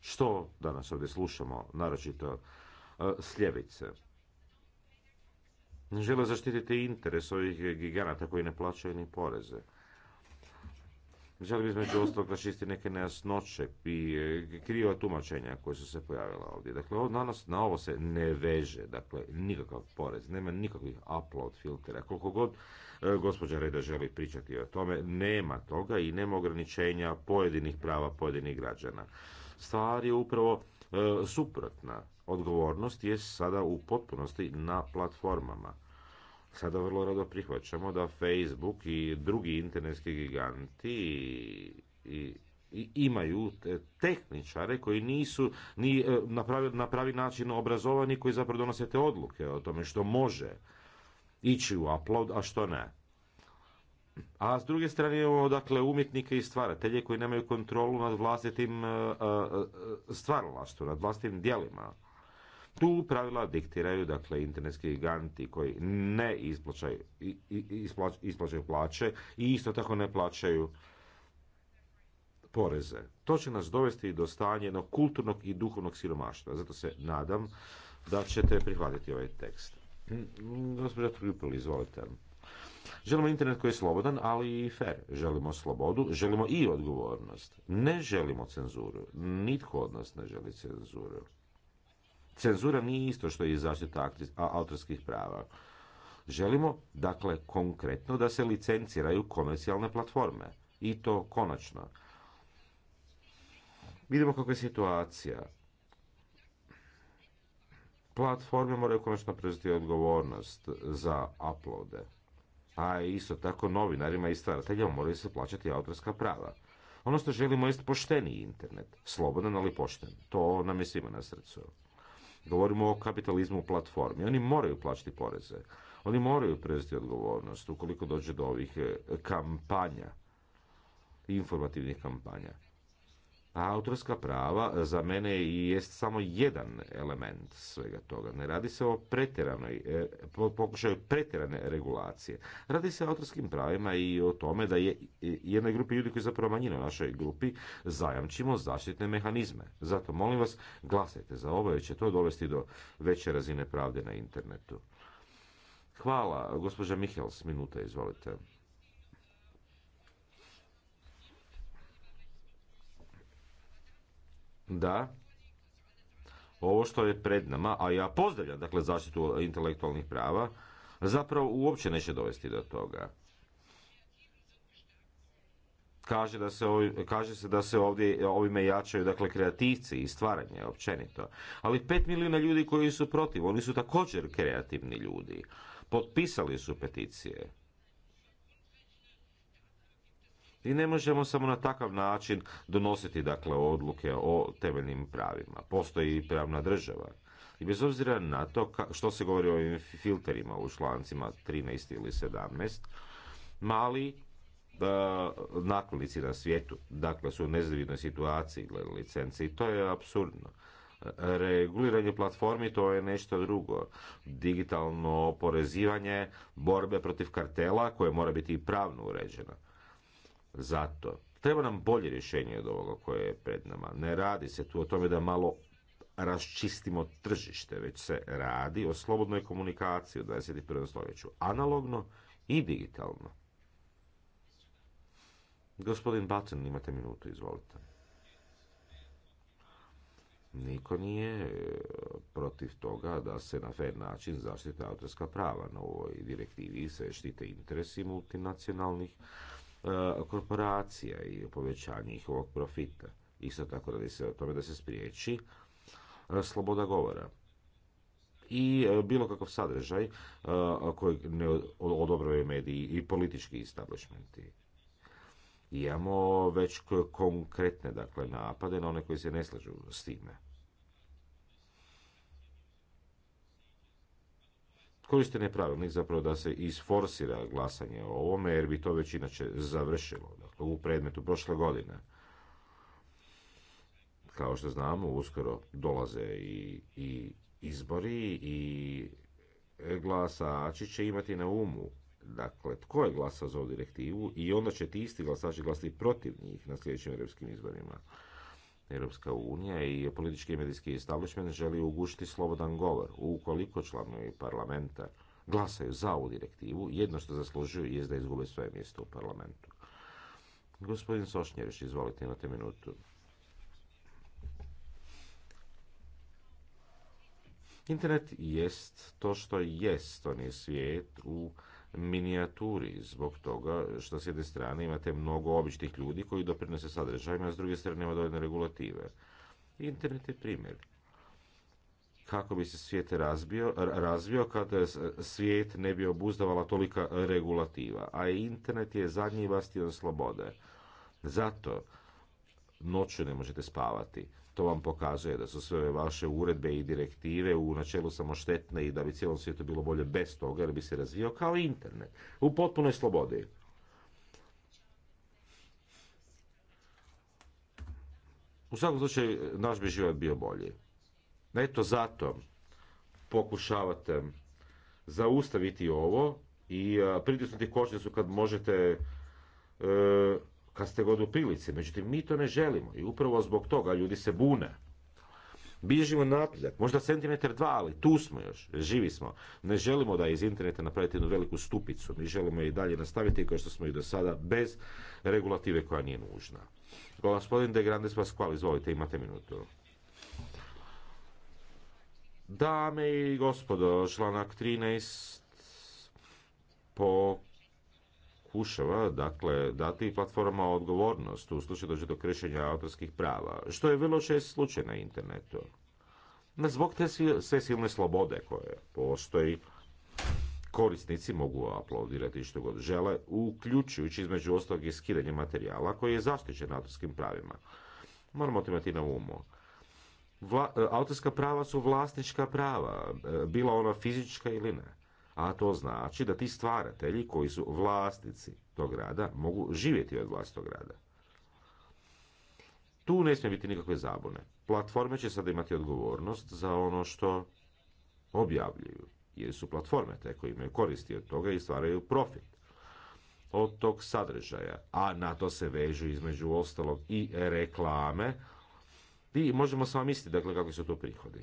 što danas ovdje slušamo, naročito eh, s ljevice. Žele zaštititi interes ovih giganata koji ne plaćaju ni poreze. Želim između ostalog rašisti neke nejasnoće i e, kriva tumačenja koje su se pojavila ovdje. Dakle, od na ovo se ne veže, dakle, nikakav porez, nema nikakvih upload filtera. Koliko god e, gospođa Reda želi pričati o tome, nema toga i nema ograničenja pojedinih prava pojedinih građana. Stvar je upravo e, suprotna. Odgovornost je sada u potpunosti na platformama sada vrlo rado prihvaćamo da Facebook i drugi internetski giganti i, imaju tehničare koji nisu ni e, na pravi, na pravi način obrazovani koji zapravo donose te odluke o tome što može ići u upload, a što ne. A s druge strane imamo dakle umjetnike i stvaratelje koji nemaju kontrolu nad vlastitim e, e, stvaralaštvom, nad vlastitim djelima. Tu pravila diktiraju dakle internetski giganti koji ne isplaćaju, plaće i isto tako ne plaćaju poreze. To će nas dovesti do stanja jednog kulturnog i duhovnog siromaštva. Zato se nadam da ćete prihvatiti ovaj tekst. Gospođa Trupel, izvolite. Želimo internet koji je slobodan, ali i fer. Želimo slobodu, želimo i odgovornost. Ne želimo cenzuru. Nitko od nas ne želi cenzuru. Cenzura nije isto što je i zaštita autorskih prava. Želimo, dakle, konkretno da se licenciraju komercijalne platforme. I to konačno. Vidimo kakva je situacija. Platforme moraju konačno preuzeti odgovornost za uploade. A isto tako novinarima i stvarateljima moraju se plaćati autorska prava. Ono što želimo je pošteniji internet. Slobodan, ali pošten. To nam je svima na srcu. Govorimo o kapitalizmu u platformi. Oni moraju plaćati poreze. Oni moraju preuzeti odgovornost ukoliko dođe do ovih e, kampanja, informativnih kampanja autorska prava e, za mene i jest samo jedan element svega toga. Ne radi se o pretjeranoj, e, pokušaju pretjerane regulacije. Radi se o autorskim pravima i o tome da je jednoj grupi ljudi koji zapravo manjina u našoj grupi zajamčimo zaštitne mehanizme. Zato molim vas glasajte za ovo jer će to dovesti do veće razine pravde na internetu. Hvala, gospođa Mihels, minuta, izvolite. da ovo što je pred nama, a ja pozdravljam dakle, zaštitu intelektualnih prava, zapravo uopće neće dovesti do toga. Kaže, da se, kaže se da se ovdje ovime jačaju dakle kreativci i stvaranje općenito. Ali pet milijuna ljudi koji su protiv, oni su također kreativni ljudi. Potpisali su peticije. I ne možemo samo na takav način donositi dakle odluke o temeljnim pravima. Postoji i pravna država. I bez obzira na to što se govori o ovim filterima u člancima 13 ili 17, mali e, da na svijetu dakle su u nezavidnoj situaciji glede licenci i to je apsurdno. Reguliranje platformi to je nešto drugo. Digitalno oporezivanje, borbe protiv kartela koje mora biti i pravno uređeno zato treba nam bolje rješenje od ovoga koje je pred nama. Ne radi se tu o tome da malo raščistimo tržište, već se radi o slobodnoj komunikaciji u 21. stoljeću, analogno i digitalno. Gospodin Button, imate minutu, izvolite. Niko nije e, protiv toga da se na fair način zaštite autorska prava na ovoj direktivi se štite interesi multinacionalnih E, korporacija i povećanje njihovog profita. Isto tako radi se o tome da se spriječi e, sloboda govora i e, bilo kakav sadržaj koji ne odobraju mediji i politički establishmenti. Imamo već konkretne dakle, napade na one koji se ne slažu s time. Koristen je pravilnik zapravo da se isforsira glasanje o ovome jer bi to već inače završilo dakle, u predmetu prošle godine. Kao što znamo, uskoro dolaze i, i izbori i glasači će imati na umu dakle, tko je glasao za ovu direktivu i onda će ti isti glasači glasati protiv njih na sljedećim europskim izborima. Europska unija i politički i medijski establishment želi ugušiti slobodan govor. Ukoliko članovi parlamenta glasaju za ovu direktivu, jedno što zaslužuju je da izgube svoje mjesto u parlamentu. Gospodin sošnjević izvolite, imate minutu. Internet jest to što jest, on je svijet u minijaturi zbog toga što s jedne strane imate mnogo običnih ljudi koji doprinose sadržajima, a s druge strane nema dovoljne regulative. Internet je primjer. Kako bi se svijet razbio, razvio kada svijet ne bi obuzdavala tolika regulativa, a internet je zadnji bastion slobode. Zato noću ne možete spavati to vam pokazuje da su sve ove vaše uredbe i direktive u načelu samo štetne i da bi cijelom svijetu bilo bolje bez toga jer bi se razvio kao internet u potpunoj slobodi. U svakom slučaju, naš bi život bio bolji. Eto zato pokušavate zaustaviti ovo i pritisnuti kočnicu kad možete e, kad ste god u prilici. Međutim, mi to ne želimo i upravo zbog toga ljudi se bune. Bižimo napredak, možda centimetar dva, ali tu smo još, živi smo. Ne želimo da iz interneta napravite jednu veliku stupicu. Mi želimo i dalje nastaviti kao što smo i do sada, bez regulative koja nije nužna. Gospodin De Grandes hvala. izvolite, imate minutu. Dame i gospodo, članak 13 po pokušava dakle dati platformama odgovornost u slučaju dođe do kršenja autorskih prava, što je vrlo čest slučaj na internetu. Zbog te sve silne slobode koje postoji, korisnici mogu aplaudirati što god žele, uključujući između ostalog i skidanje materijala koji je zaštićen autorskim pravima. Moramo to imati na umu. autorska prava su vlasnička prava, e, bila ona fizička ili ne a to znači da ti stvaratelji koji su vlasnici tog grada mogu živjeti od vlastitog grada. Tu ne smije biti nikakve zabune. Platforme će sada imati odgovornost za ono što objavljuju, jer su platforme te koje imaju koristi od toga i stvaraju profit od tog sadržaja, a na to se vežu između ostalog i reklame, i možemo samo misliti dakle, kako su to prihodi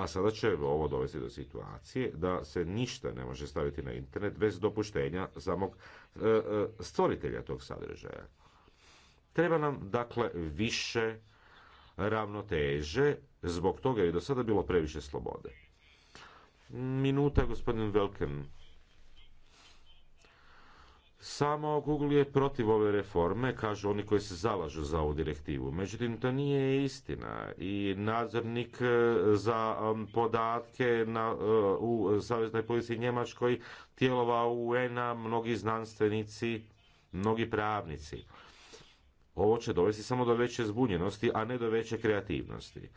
a sada će ovo dovesti do situacije da se ništa ne može staviti na internet bez dopuštenja samog e, e, stvoritelja tog sadržaja. Treba nam dakle više ravnoteže, zbog toga je do sada bilo previše slobode. Minuta, gospodin Velken. Samo Google je protiv ove reforme, kažu oni koji se zalažu za ovu direktivu. Međutim, to nije istina. I nadzornik e, za um, podatke na, e, u Saveznoj policiji Njemačkoj, tijelova UN-a, mnogi znanstvenici, mnogi pravnici. Ovo će dovesti samo do veće zbunjenosti, a ne do veće kreativnosti.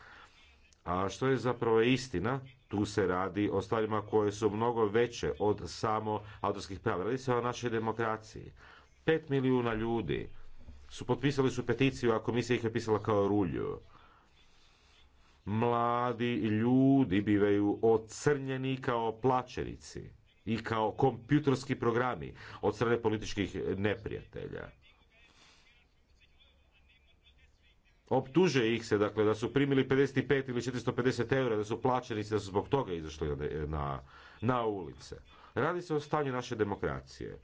A što je zapravo istina? tu se radi o stvarima koje su mnogo veće od samo autorskih prava. Radi se o našoj demokraciji. Pet milijuna ljudi su potpisali su peticiju, a komisija ih je pisala kao rulju. Mladi ljudi bivaju ocrnjeni kao plaćenici i kao kompjutorski programi od strane političkih neprijatelja. optuže ih se dakle da su primili 55 ili 450 eura, da su plaćeni da su zbog toga izašli na, na ulice. Radi se o stanju naše demokracije.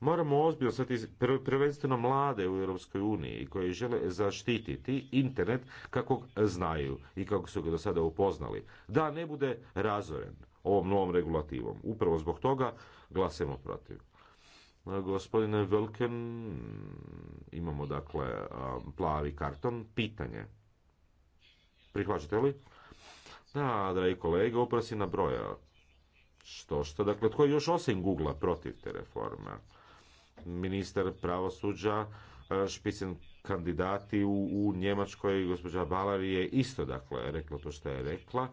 Moramo ozbiljno stati prvenstveno mlade u Europskoj uniji koji žele zaštititi internet kako znaju i kako su ga do sada upoznali. Da ne bude razoren ovom novom regulativom. Upravo zbog toga glasemo protiv. Gospodine Velken, imamo dakle plavi karton. Pitanje. Prihvaćate li? Da, dragi kolege, upravo na nabrojao. Što što, dakle, tko je još osim Google protiv te reforme? Ministar pravosuđa, špicen kandidati u, u Njemačkoj, gospođa Balari je isto, dakle, rekla to što je rekla.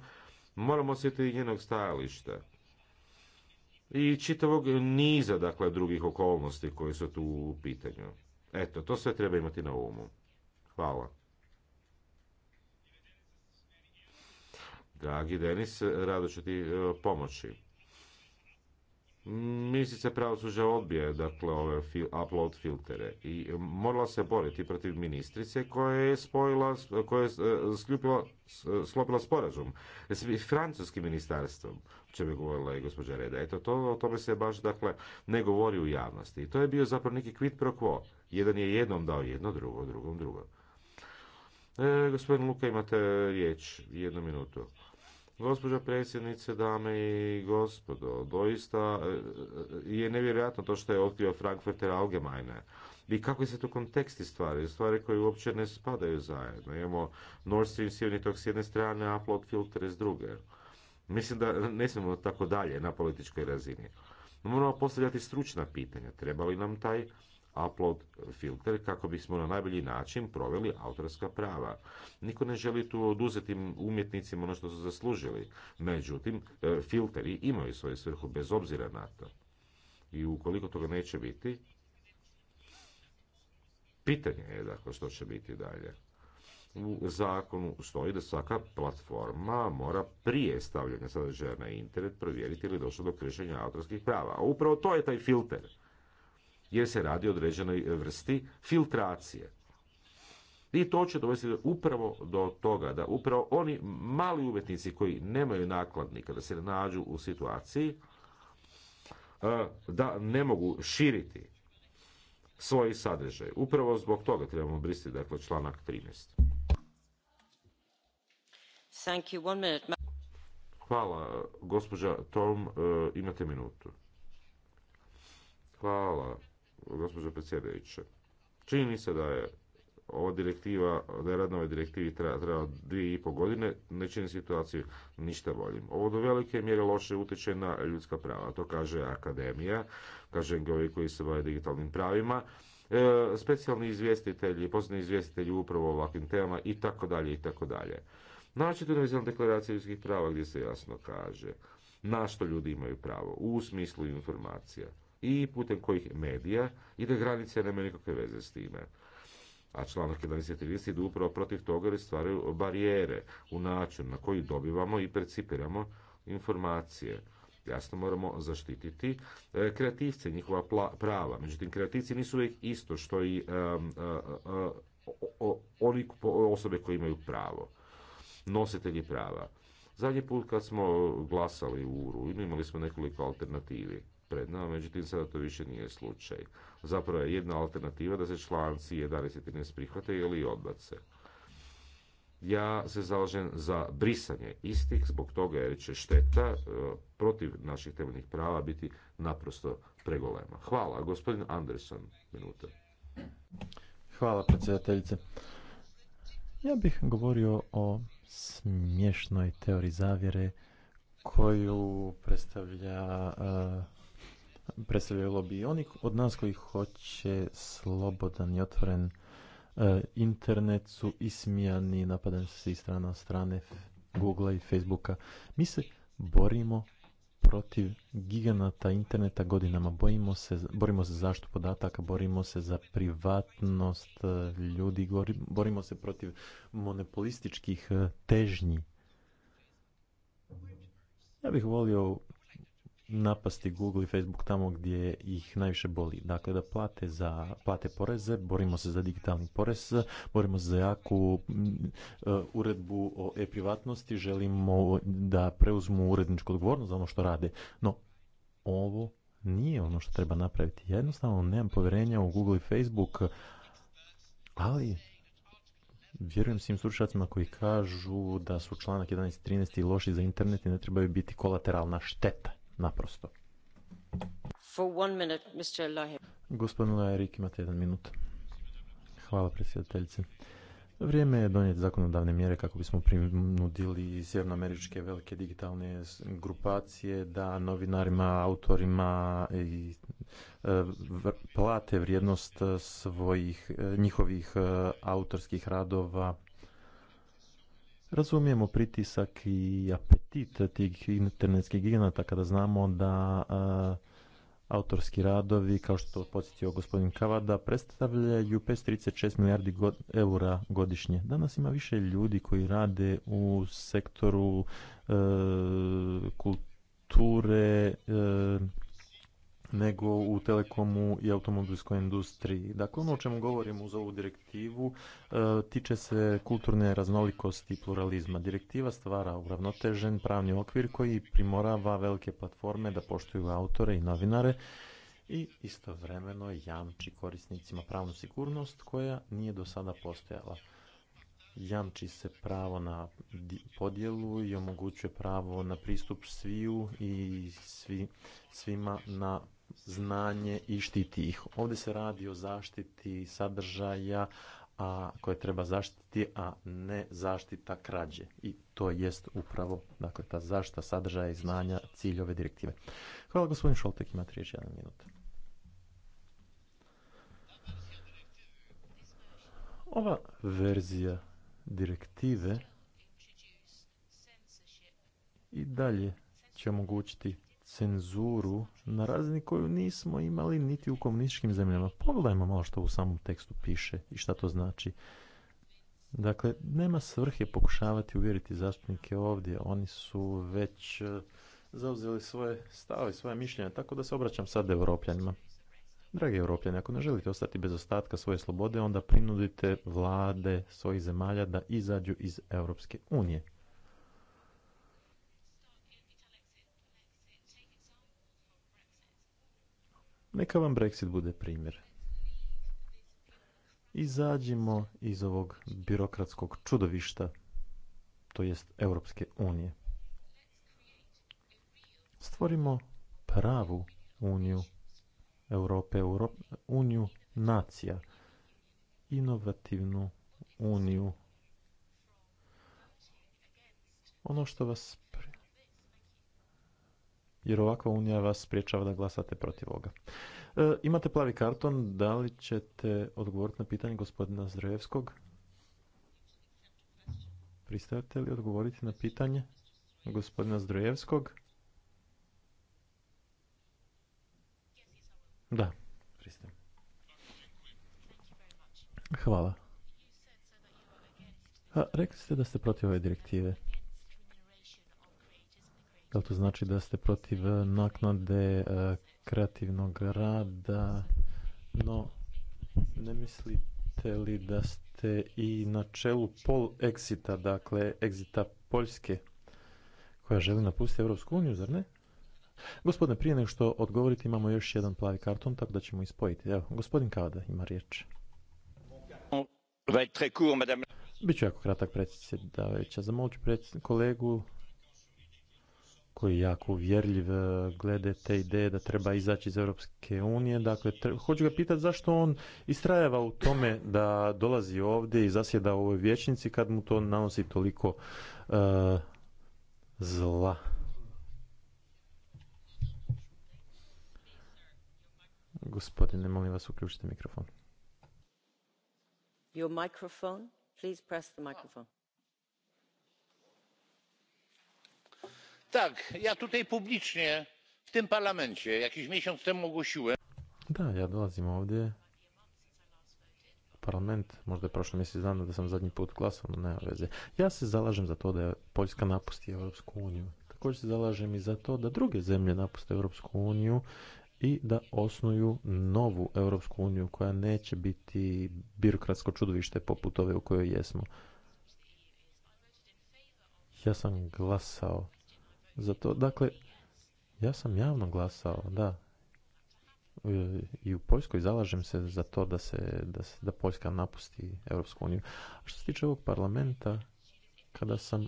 Moramo osjetiti njenog stajališta i čitavog niza dakle drugih okolnosti koje su tu u pitanju. Eto, to sve treba imati na umu. Hvala. Dragi Denis, rado ću ti e, pomoći ministrica pravosuđa odbije dakle ove upload filtere i morala se boriti protiv ministrice koja je spojila, koja je e, skljupila, sklopila sporazum s francuskim ministarstvom, o čemu je govorila i gospođa Reda. Eto, to, o tome se baš dakle ne govori u javnosti. I to je bio zapravo neki quid pro quo. Jedan je jednom dao jedno, drugo, drugom drugo. E, gospodin Luka, imate riječ, jednu minutu. Gospođo predsjednice, dame i gospodo, doista e, e, je nevjerojatno to što je otkrio Frankfurter Allgemeine. I kako se to konteksti stvari, stvari koje uopće ne spadaju zajedno. Imamo Nord Stream sjeverni tok s jedne strane, a plot filter s druge. Mislim da ne smijemo tako dalje na političkoj razini. Moramo postavljati stručna pitanja. Treba li nam taj upload filter kako bismo na najbolji način proveli autorska prava. Niko ne želi tu oduzeti umjetnicima ono što su zaslužili. Međutim, e, filteri imaju svoju svrhu bez obzira na to. I ukoliko toga neće biti, pitanje je dakle što će biti dalje u zakonu stoji da svaka platforma mora prije stavljanja sadržaja na internet provjeriti ili došlo do kršenja autorskih prava. A upravo to je taj filter jer se radi o određenoj vrsti filtracije. I to će dovesti upravo do toga da upravo oni mali umjetnici koji nemaju nakladnika, da se nađu u situaciji e, da ne mogu širiti svoj sadržaj. Upravo zbog toga trebamo brisati dakle, članak 13. Thank you. Hvala, gospođa Tom, e, imate minutu. Hvala gospođo predsjedajuće. Čini se da je ova direktiva, da je na ovoj direktivi treba dvije i pol godine, ne čini situaciju ništa boljim. Ovo do velike mjere loše utječe na ljudska prava. To kaže akademija, kaže ovi koji se bave digitalnim pravima, e, specijalni izvjestitelji, posebni izvjestitelji upravo ovakvim temama i tako dalje i tako dalje. Naći deklaracija ljudskih prava gdje se jasno kaže na što ljudi imaju pravo u smislu informacija i putem kojih medija i da granice nemaju nikakve veze s time. A članak 11.30 idu upravo protiv toga jer stvaraju barijere u način na koji dobivamo i percipiramo informacije. Jasno moramo zaštititi e, kreativce, njihova prava. Međutim, kreativci nisu uvijek isto što i e, e, oni osobe koje imaju pravo, nositelji prava. Zadnji put kad smo glasali u rujnu imali smo nekoliko alternativi pred nama, međutim sada to više nije slučaj. Zapravo je jedna alternativa da se članci 11 i 13 prihvate ili odbace. Ja se zalažem za brisanje istih zbog toga jer će šteta e, protiv naših temeljnih prava biti naprosto pregolema. Hvala. Gospodin Anderson, minuta. Hvala predsjedateljice. Ja bih govorio o smješnoj teoriji zavjere koju predstavlja e, predstavljaju lobby. Oni od nas koji hoće slobodan i otvoren e, internet su ismijani, napadani se i strana strane Google i Facebooka. Mi se borimo protiv giganata interneta godinama. Bojimo se, borimo se za zaštitu podataka, borimo se za privatnost e, ljudi, borimo se protiv monopolističkih e, težnji. Ja bih volio napasti Google i Facebook tamo gdje ih najviše boli. Dakle, da plate za plate poreze, borimo se za digitalni porez, borimo se za jaku e, uredbu o e-privatnosti, želimo da preuzmu uredničku odgovornost za ono što rade. No, ovo nije ono što treba napraviti. Ja jednostavno nemam povjerenja u Google i Facebook, ali vjerujem svim stručnjacima koji kažu da su članak 11 i 13 loši za internet i ne trebaju biti kolateralna šteta naprosto. Gospodin Lajerik, imate jedan minut. Hvala predsjedateljice. Vrijeme je donijeti zakonodavne mjere kako bismo primudili sjevernoameričke velike digitalne grupacije da novinarima, autorima i e, plate vrijednost svojih e, njihovih e, autorskih radova Razumijemo pritisak i apetit tih internetskih giganata kada znamo da autorski radovi, kao što to podsjetio gospodin Kavada, predstavljaju 536 milijardi eura godišnje. Danas ima više ljudi koji rade u sektoru e, kulture, e, nego u telekomu i automobilskoj industriji. Dakle, ono o čemu govorimo uz ovu direktivu e, tiče se kulturne raznolikosti i pluralizma. Direktiva stvara uravnotežen pravni okvir koji primorava velike platforme da poštuju autore i novinare i istovremeno jamči korisnicima pravnu sigurnost koja nije do sada postojala jamči se pravo na podjelu i omogućuje pravo na pristup sviju i svima na znanje i štiti ih. Ovdje se radi o zaštiti sadržaja a, koje treba zaštiti, a ne zaštita krađe. I to jest upravo dakle, ta zaštita sadržaja i znanja cilj ove direktive. Hvala gospodin Šoltek, imate riječ jedan minut. Ova verzija direktive i dalje će omogućiti cenzuru na razini koju nismo imali niti u komunističkim zemljama. Pogledajmo malo što u samom tekstu piše i šta to znači. Dakle, nema svrhe pokušavati uvjeriti zastupnike ovdje. Oni su već e, zauzeli svoje stave, svoje mišljenja, tako da se obraćam sad evropljanima. Dragi europljani, ako ne želite ostati bez ostatka svoje slobode, onda prinudite vlade svojih zemalja da izađu iz Europske unije. Neka vam Brexit bude primjer. Izađimo iz ovog birokratskog čudovišta, to jest Europske unije. Stvorimo pravu uniju Europe, euro uniju nacija, inovativnu uniju. Ono što vas jer ovakva unija vas spriječava da glasate protiv ovoga. E, imate plavi karton, da li ćete odgovoriti na pitanje gospodina Zdrojevskog? Pristajete li odgovoriti na pitanje gospodina Zdrojevskog? Da, pristajem. Hvala. rekli ste da ste protiv ove direktive li to znači da ste protiv e, naknade e, kreativnog rada, no ne mislite li da ste i na čelu pol exita, dakle exita Poljske, koja želi napustiti Europsku uniju, zar ne? Gospodine, prije nego što odgovorite imamo još jedan plavi karton, tako da ćemo ispojiti. Evo, gospodin Kavada ima riječ. Biću jako kratak predsjedavajuća. Zamolit ću kolegu koji je jako uvjerljiv e, glede te ideje da treba izaći iz Europske unije. Dakle, hoću ga pitati zašto on istrajava u tome da dolazi ovdje i zasjeda u ovoj vječnici kad mu to nanosi toliko uh, zla. Gospodine, molim vas, uključite mikrofon. Your microphone, please press the microphone. Tak, ja tutaj publicznie w tym parlamencie jakiś miesiąc temu ogłosiłem. Da, ja dolazim ovdje. Parlament, možda je prošlo mjesec dana da sam zadnji put glasao, no nema veze. Ja se zalažem za to da Poljska napusti Europsku uniju. Također se zalažem i za to da druge zemlje napuste Europsku uniju i da osnuju novu Europsku uniju koja neće biti birokratsko čudovište poput ove u kojoj jesmo. Ja sam glasao za to. Dakle, ja sam javno glasao, da. I u Poljskoj zalažem se za to da se, da, se, da Poljska napusti Europsku uniju. A što se tiče ovog parlamenta, kada sam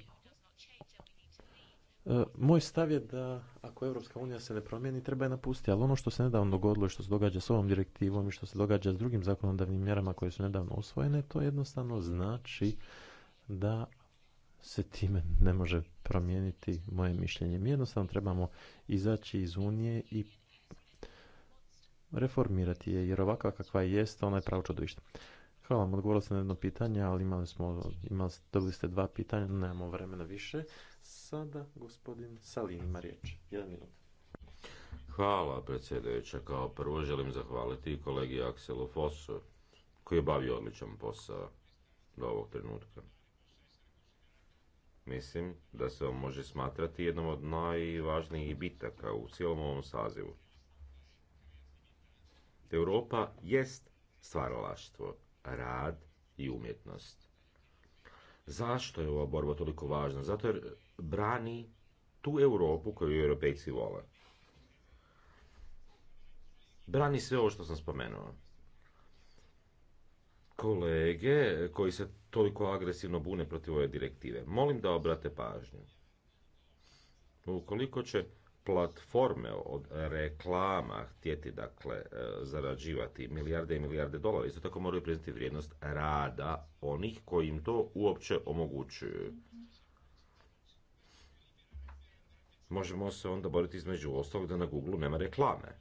e, moj stav je da ako Europska unija se ne promijeni, treba je napustiti, ali ono što se nedavno dogodilo i što se događa s ovom direktivom i što se događa s drugim zakonodavnim mjerama koje su nedavno usvojene, to jednostavno znači da se time ne može promijeniti moje mišljenje. Mi jednostavno trebamo izaći iz Unije i reformirati je, jer ovakva kakva jeste, ona je pravo čudovište. Hvala vam, odgovorili ste na jedno pitanje, ali imali smo, imali, dobili ste dva pitanja, nemamo vremena više. Sada gospodin Salin ima riječ. Jedan minut. Hvala predsjedajuća. Kao prvo želim zahvaliti kolegi Akselu Fosu koji je bavio odličan posao do ovog trenutka. Mislim da se on može smatrati jednom od najvažnijih bitaka u cijelom ovom sazivu. Europa jest stvaralaštvo, rad i umjetnost. Zašto je ova borba toliko važna? Zato jer brani tu Europu koju europejci vole. Brani sve ovo što sam spomenuo. Kolege koji se toliko agresivno bune protiv ove direktive. Molim da obrate pažnju. Ukoliko će platforme od reklama htjeti dakle e, zarađivati milijarde i milijarde dolara, isto tako moraju priznati vrijednost rada onih koji im to uopće omogućuju. Možemo se onda boriti između ostalog da na Google nema reklame.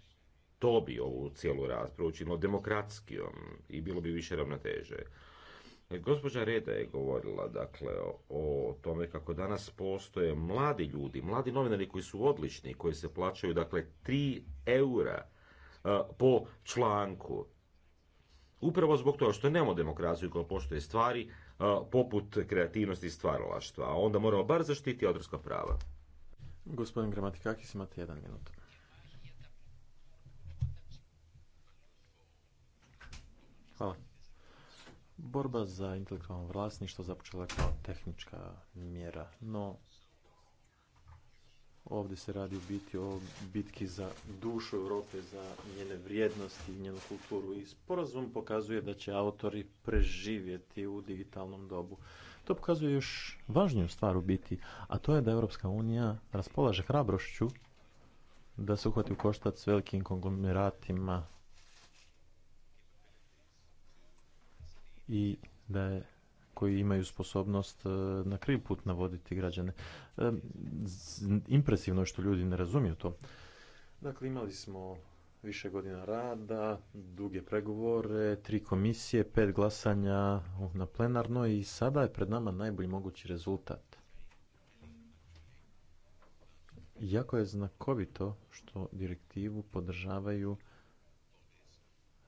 To bi ovu cijelu raspravu učinilo demokratskijom i bilo bi više ravnoteže. E, gospođa Reda je govorila dakle, o tome kako danas postoje mladi ljudi, mladi novinari koji su odlični, koji se plaćaju dakle, 3 eura e, po članku. Upravo zbog toga što nemamo demokraciju koja poštuje stvari, e, poput kreativnosti i stvaralaštva. A onda moramo bar zaštiti autorska prava. Gospodin Gramatikakis, imate jedan minut. Hvala. Borba za intelektualno vlasništvo započela kao tehnička mjera, no ovdje se radi u biti o bitki za dušu Europe, za njene vrijednosti i njenu kulturu i sporazum pokazuje da će autori preživjeti u digitalnom dobu. To pokazuje još važniju stvar u biti, a to je da Europska unija raspolaže hrabrošću da se uhvati u koštac s velikim konglomeratima i da koji imaju sposobnost e, na kriv put navoditi građane. E, impresivno je što ljudi ne razumiju to. Dakle, imali smo više godina rada, duge pregovore, tri komisije, pet glasanja na plenarno i sada je pred nama najbolji mogući rezultat. Jako je znakovito što direktivu podržavaju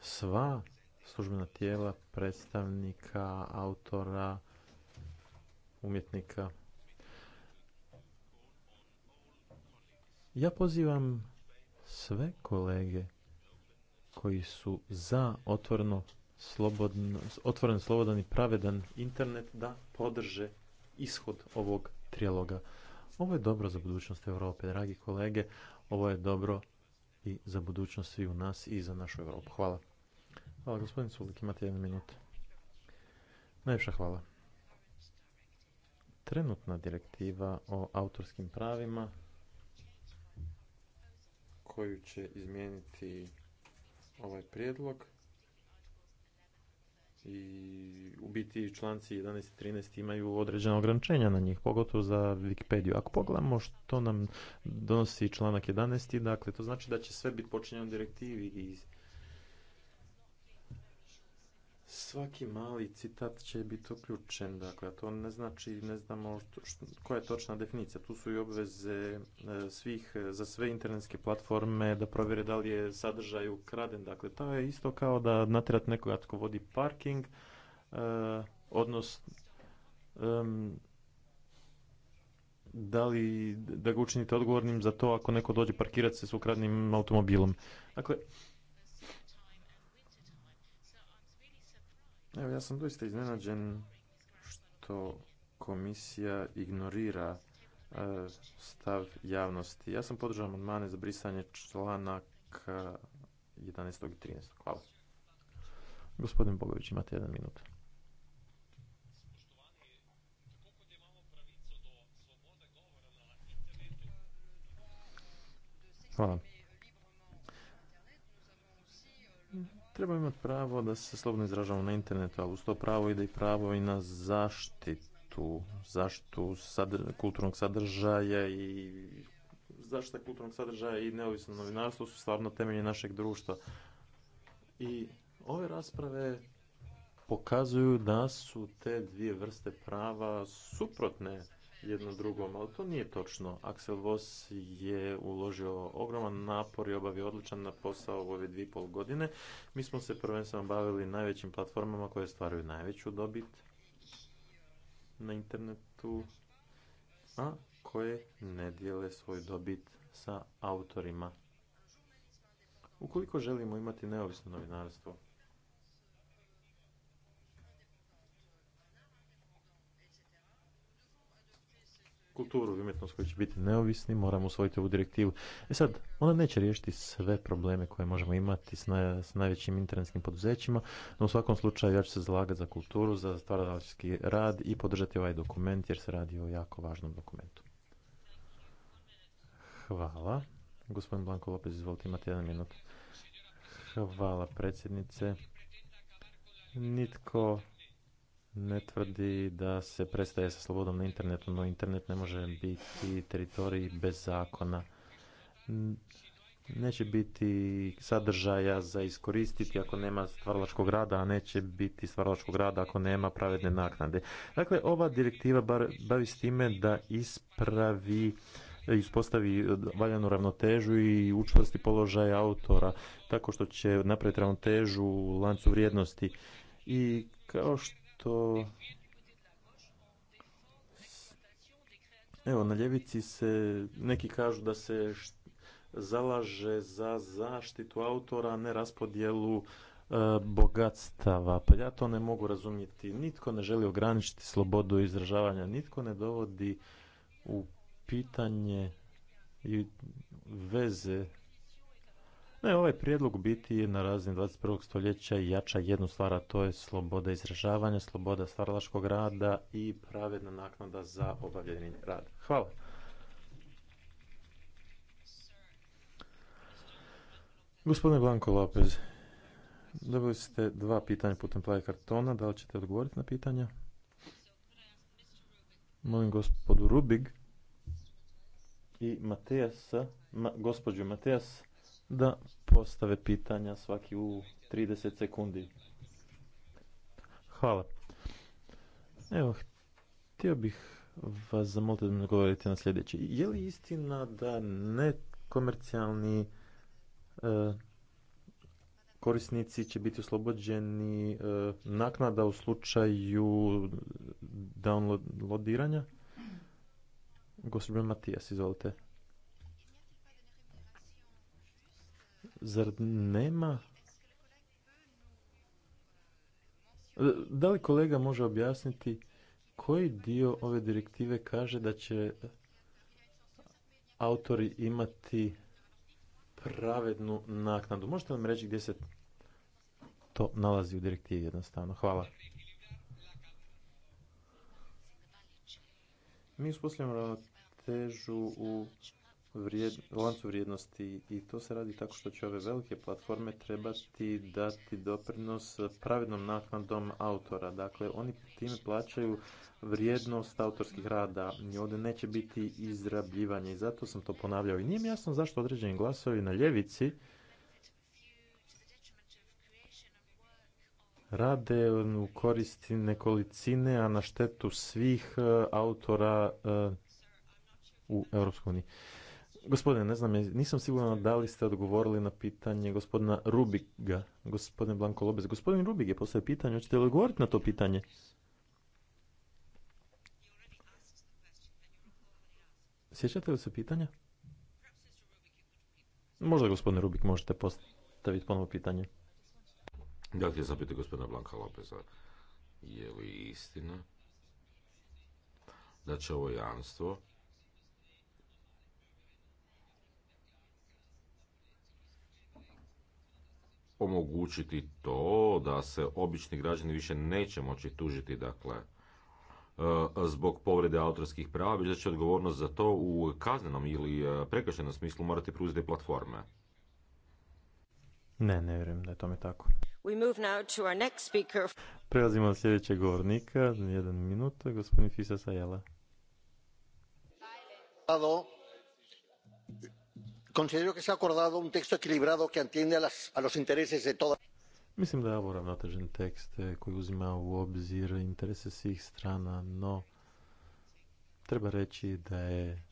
sva službena tijela, predstavnika, autora, umjetnika. Ja pozivam sve kolege koji su za otvoreno slobodno, otvoren, slobodan i pravedan internet da podrže ishod ovog trijaloga. Ovo je dobro za budućnost Europe, dragi kolege. Ovo je dobro i za budućnost i u nas i za našu Europu. Hvala. Hvala gospodin Sulik, imate jednu minutu. Najviše hvala. Trenutna direktiva o autorskim pravima koju će izmijeniti ovaj prijedlog i u biti članci 11 i 13 imaju određena ograničenja na njih, pogotovo za Wikipediju. Ako pogledamo što nam donosi članak 11, dakle, to znači da će sve biti počinjeno direktivi i svaki mali citat će biti uključen, dakle, to ne znači, ne znamo što, koja je točna definicija. Tu su i obveze e, svih, za sve internetske platforme da provjere da li je sadržaj ukraden. Dakle, to je isto kao da natjerat nekoga tko vodi parking, e, Odnos odnosno da li da ga učinite odgovornim za to ako neko dođe parkirati se s ukradnim automobilom. Dakle, Evo, ja sam doista iznenađen što komisija ignorira e, stav javnosti. Ja sam podržao amandmane za brisanje članaka 11. i 13. Hvala. Gospodin Bogović, imate jedan minut. Hvala. treba imati pravo da se slobodno izražavamo na internetu, ali uz to pravo ide i pravo i na zaštitu, zaštitu kulturnog sadržaja i zaštita kulturnog sadržaja i neovisno novinarstvo su stvarno temelje našeg društva. I ove rasprave pokazuju da su te dvije vrste prava suprotne jedno drugom, ali to nije točno. Axel Voss je uložio ogroman napor i obavio odličan posao u ove dvije i pol godine. Mi smo se prvenstveno bavili najvećim platformama koje stvaraju najveću dobit na internetu, a koje ne dijele svoj dobit sa autorima. Ukoliko želimo imati neovisno novinarstvo, kulturu i umjetnost koji će biti neovisni, moramo usvojiti ovu direktivu. E sad, ona neće riješiti sve probleme koje možemo imati s, s najvećim internetskim poduzećima, no u svakom slučaju ja ću se zalagati za kulturu, za stvaralački rad i podržati ovaj dokument jer se radi o jako važnom dokumentu. Hvala. Gospodin Blanko Lopez, izvolite, imate jedan minut. Hvala predsjednice. Nitko ne tvrdi da se prestaje sa slobodom na internetu, no internet ne može biti teritorij bez zakona. Neće biti sadržaja za iskoristiti ako nema stvaralačkog rada, a neće biti stvaralačkog rada ako nema pravedne naknade. Dakle, ova direktiva bavi s time da ispravi ispostavi valjanu ravnotežu i učvrsti položaj autora, tako što će napraviti ravnotežu u lancu vrijednosti. I kao što to evo na ljevici se neki kažu da se zalaže za zaštitu autora, ne raspodjelu e, bogatstava. Pa ja to ne mogu razumjeti. Nitko ne želi ograničiti slobodu izražavanja. Nitko ne dovodi u pitanje i veze ne, ovaj prijedlog biti je na razini 21. stoljeća jača jednu stvar, a to je sloboda izražavanja, sloboda stvaralaškog rada i pravedna naknada za obavljeni rad. Hvala. Gospodine Blanko Lopez, dobili ste dva pitanja putem plave kartona. Da li ćete odgovoriti na pitanja? Molim gospodu Rubig i Matejasa, gospođu Matejas da postave pitanja svaki u 30 sekundi. Hvala. Evo, htio bih vas zamoliti da mi govorite na sljedeće. Je li istina da nekomercijalni e, korisnici će biti oslobođeni e, naknada u slučaju downloadiranja? Gospodin Matijas, izvolite. Zar nema Da li kolega može objasniti koji dio ove direktive kaže da će autori imati pravednu naknadu? Možete nam reći gdje se to nalazi u direktivi jednostavno? Hvala. Mi uspostavljamo težu u lancu vrijednosti i to se radi tako što će ove velike platforme trebati dati doprinos pravednom naknadom autora. Dakle, oni time plaćaju vrijednost autorskih rada i ovdje neće biti izrabljivanje i zato sam to ponavljao. I nije mi jasno zašto određeni glasovi na ljevici rade u koristi nekolicine, a na štetu svih e, autora e, u Europskoj uniji. Gospodine, ne znam, nisam siguran da li ste odgovorili na pitanje gospodina Rubiga, gospodine Blanko Lobez. Gospodin Rubig je postavio pitanje, hoćete li odgovoriti na to pitanje? Sjećate li se pitanja? Možda, gospodine Rubik, možete postaviti ponovo pitanje. Ja je zapiti gospodina Blanka Lopeza, je li istina da će ovo jamstvo omogućiti to da se obični građani više neće moći tužiti dakle e, zbog povrede autorskih prava, već da će odgovornost za to u kaznenom ili e, prekršenom smislu morati preuzeti platforme. Ne, ne vjerujem da je tome tako. We move now Prelazimo na sljedećeg govornika, jedan minut, gospodin Fisa Sajela. Hvala. Considero que se ha acordado un texto equilibrado que atiende a, los intereses de todas. Mislim da je ovo ravnotežen tekst eh, koji uzima u obzir interese svih strana, no treba reći da je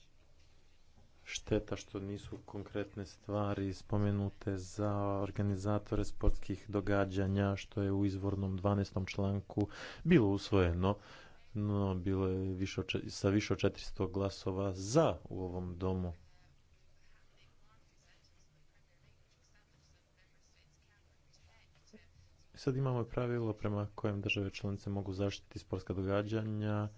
šteta što nisu konkretne stvari spomenute za organizatore sportskih događanja, što je u izvornom 12. članku bilo usvojeno, no bilo je više sa više od 400 glasova za u ovom domu Sad imamo pravilo prema kojem države članice mogu zaštiti sportska događanja,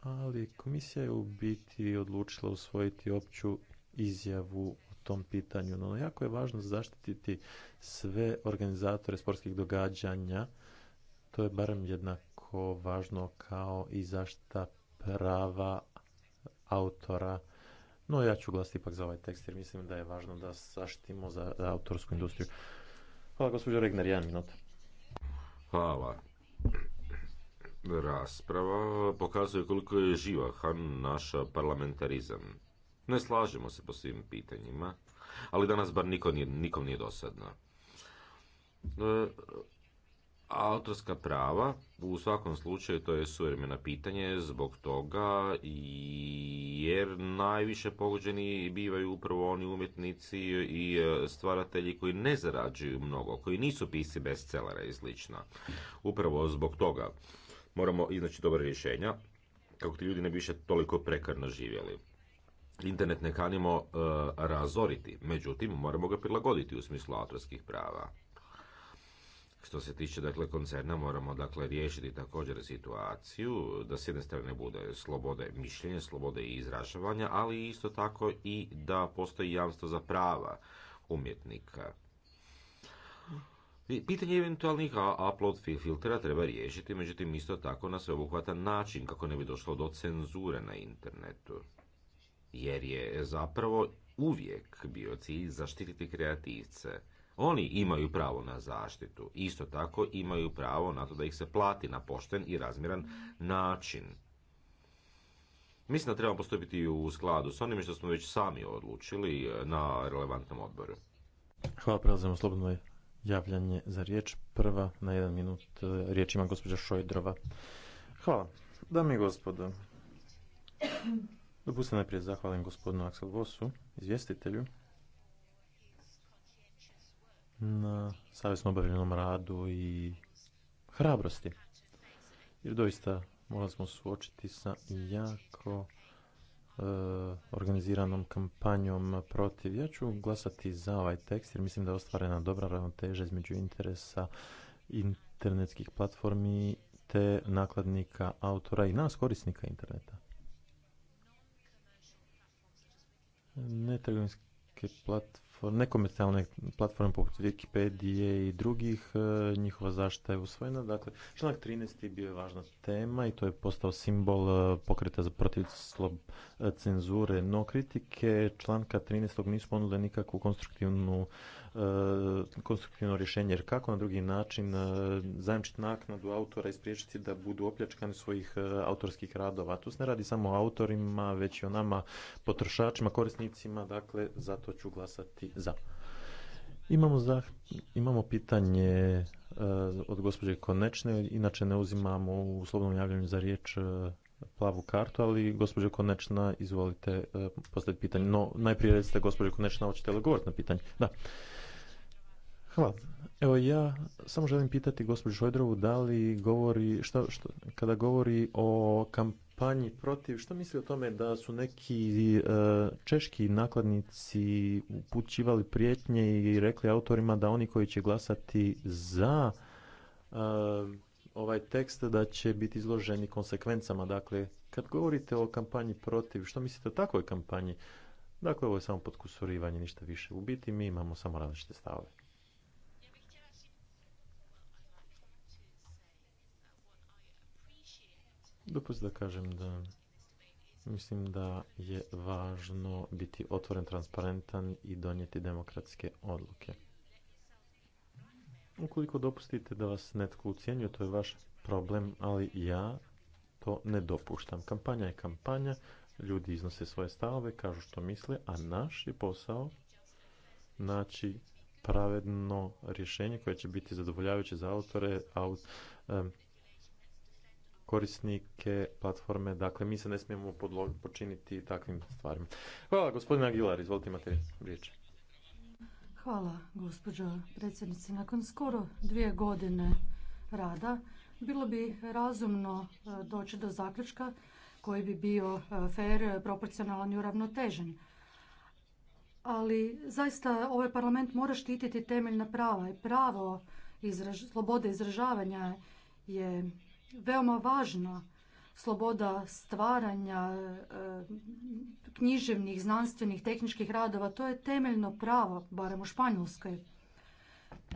ali komisija je u biti odlučila usvojiti opću izjavu o tom pitanju. No, jako je važno zaštititi sve organizatore sportskih događanja. To je barem jednako važno kao i zaštita prava autora no ja ću glasiti ipak za ovaj tekst jer mislim da je važno da zaštitimo za, autorsku industriju. Hvala gospođo Regner, jedan minut. Hvala. Rasprava pokazuje koliko je živahan naš parlamentarizam. Ne slažemo se po svim pitanjima, ali danas bar nikom nije dosadno. E, Autorska prava u svakom slučaju to je suvremeno pitanje zbog toga jer najviše pogođeni bivaju upravo oni umjetnici i e, stvaratelji koji ne zarađuju mnogo, koji nisu pisci bestsellera i slično Upravo zbog toga moramo iznaći dobra rješenja kako ti ljudi ne bi više toliko prekarno živjeli. Internet ne kanimo e, razoriti, međutim moramo ga prilagoditi u smislu autorskih prava. Što se tiče dakle koncerna moramo dakle riješiti također situaciju da s jedne strane bude slobode mišljenja, slobode i izražavanja, ali isto tako i da postoji jamstvo za prava umjetnika. Pitanje eventualnih upload filtera treba riješiti, međutim isto tako na sveobuhvatan način kako ne bi došlo do cenzure na internetu. Jer je zapravo uvijek bio cilj zaštititi kreativce oni imaju pravo na zaštitu. Isto tako imaju pravo na to da ih se plati na pošten i razmjeran način. Mislim da trebamo postupiti u skladu s onim što smo već sami odlučili eh, na relevantnom odboru. Hvala, prelazimo slobodno javljanje za riječ. Prva na jedan minut eh, riječ ima gospođa Šojdrova. Hvala. Dame i gospodo, dopustite najprije zahvalim gospodinu Aksel Vosu, izvjestitelju, na savjesno obavljenom radu i hrabrosti. Jer doista morali smo suočiti sa jako e, organiziranom kampanjom protiv. Ja ću glasati za ovaj tekst jer mislim da je ostvarena dobra ravnoteža između interesa internetskih platformi te nakladnika, autora i nas korisnika interneta. Netrgovinske platforme platforme, nekomercijalne platforme poput Wikipedije i drugih, e, njihova zaštita je usvojena. Dakle, članak 13. bio je važna tema i to je postao simbol e, pokreta za protiv slob e, cenzure, no kritike članka 13. nisu ponudile nikakvu konstruktivnu E, konstruktivno rješenje, jer kako na drugi način e, zajemčiti naknadu autora i spriječiti da budu opljačkani svojih e, autorskih radova. Tu se ne radi samo o autorima, već i o nama potrošačima, korisnicima, dakle zato ću glasati za. Imamo, za, imamo pitanje od gospođe Konečne, inače ne uzimamo u slobodnom javljanju za riječ plavu kartu, ali gospođo Konečna, izvolite postaviti pitanje. No, najprije recite gospođo Konečna, hoćete li govoriti na pitanje? Da. Hvala. Evo ja samo želim pitati gospođu Šojdrovu da li govori, šta, šta, kada govori o kampanji protiv, što misli o tome da su neki e, češki nakladnici upućivali prijetnje i rekli autorima da oni koji će glasati za e, ovaj tekst da će biti izloženi konsekvencama. Dakle, kad govorite o kampanji protiv, što mislite o takvoj kampanji? Dakle, ovo je samo podkusurivanje, ništa više. U biti mi imamo samo različite stavove. Dopust da kažem da mislim da je važno biti otvoren, transparentan i donijeti demokratske odluke. Ukoliko dopustite da vas netko ucijenjuje, to je vaš problem, ali ja to ne dopuštam. Kampanja je kampanja, ljudi iznose svoje stavove, kažu što misle, a naš je posao naći pravedno rješenje koje će biti zadovoljavajuće za autore, aut, korisnike platforme. Dakle, mi se ne smijemo počiniti takvim stvarima. Hvala, gospodin Aguilar, izvolite imate riječ. Hvala, gospođo predsjednice. Nakon skoro dvije godine rada, bilo bi razumno e, doći do zaključka koji bi bio e, fair, proporcionalan i uravnotežen. Ali zaista ovaj parlament mora štititi temeljna prava i pravo slobode izražavanja je veoma važna sloboda stvaranja e, književnih, znanstvenih, tehničkih radova. To je temeljno pravo, barem u Španjolskoj.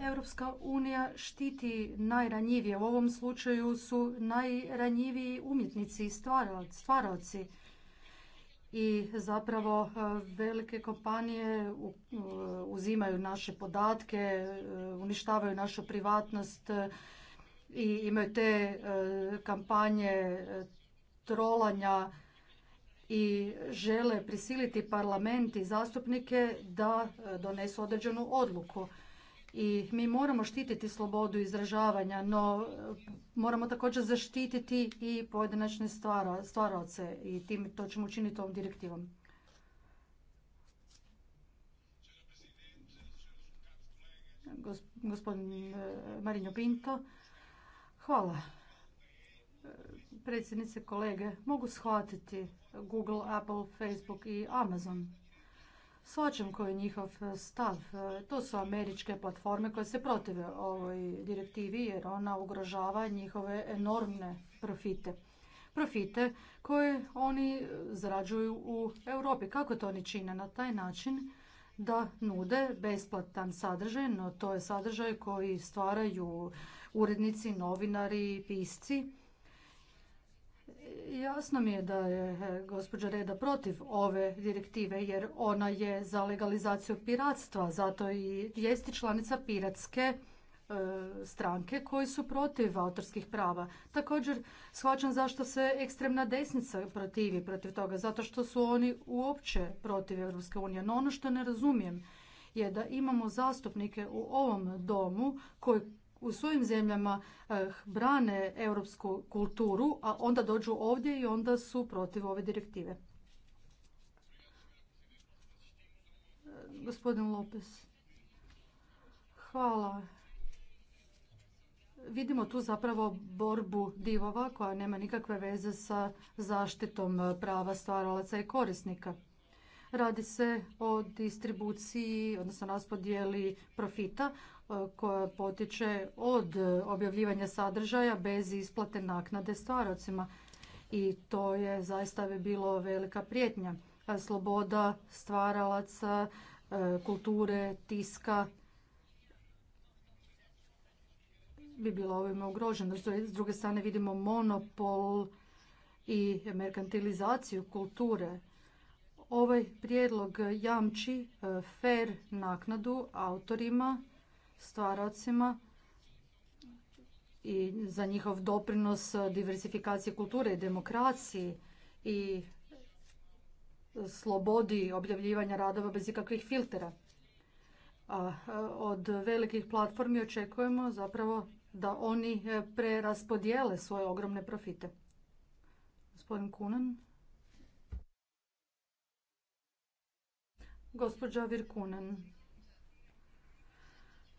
Europska unija štiti najranjivije. U ovom slučaju su najranjiviji umjetnici i stvaralci. I zapravo e, velike kompanije e, uzimaju naše podatke, uništavaju našu privatnost, i imaju te e, kampanje e, trolanja i žele prisiliti parlament i zastupnike da e, donesu određenu odluku. I mi moramo štititi slobodu izražavanja, no moramo također zaštititi i pojedinačne stvaraoce i tim to ćemo učiniti ovom direktivom. Gospodin Marinho Pinto. Hvala. E, predsjednice, kolege, mogu shvatiti Google, Apple, Facebook i Amazon. Svačem koji je njihov stav. E, to su američke platforme koje se protive ovoj direktivi jer ona ugrožava njihove enormne profite. Profite koje oni zarađuju u Europi. Kako to oni čine? Na taj način da nude besplatan sadržaj, no to je sadržaj koji stvaraju urednici, novinari, pisci. Jasno mi je da je e, gospođa Reda protiv ove direktive jer ona je za legalizaciju piratstva, zato i jesti članica piratske e, stranke koji su protiv autorskih prava. Također shvaćam zašto se ekstremna desnica protivi protiv toga, zato što su oni uopće protiv Europske unije. No ono što ne razumijem je da imamo zastupnike u ovom domu koji u svojim zemljama eh, brane europsku kulturu, a onda dođu ovdje i onda su protiv ove direktive. Eh, gospodin Lopez, hvala. Vidimo tu zapravo borbu divova koja nema nikakve veze sa zaštitom eh, prava stvaralaca i korisnika. Radi se o distribuciji, odnosno raspodjeli profita e, koja potiče od objavljivanja sadržaja bez isplate naknade stvaracima. I to je zaista bi bilo velika prijetnja. Sloboda stvaralaca, e, kulture, tiska bi bila ovime ugrožena. S druge strane vidimo monopol i merkantilizaciju kulture Ovaj prijedlog jamči e, fer naknadu autorima, stvaraocima i za njihov doprinos diversifikaciji kulture i demokraciji i slobodi objavljivanja radova bez ikakvih filtera. E, od velikih platformi očekujemo zapravo da oni e, preraspodijele svoje ogromne profite. Gospodin Kunan. Gospođa Virkunen.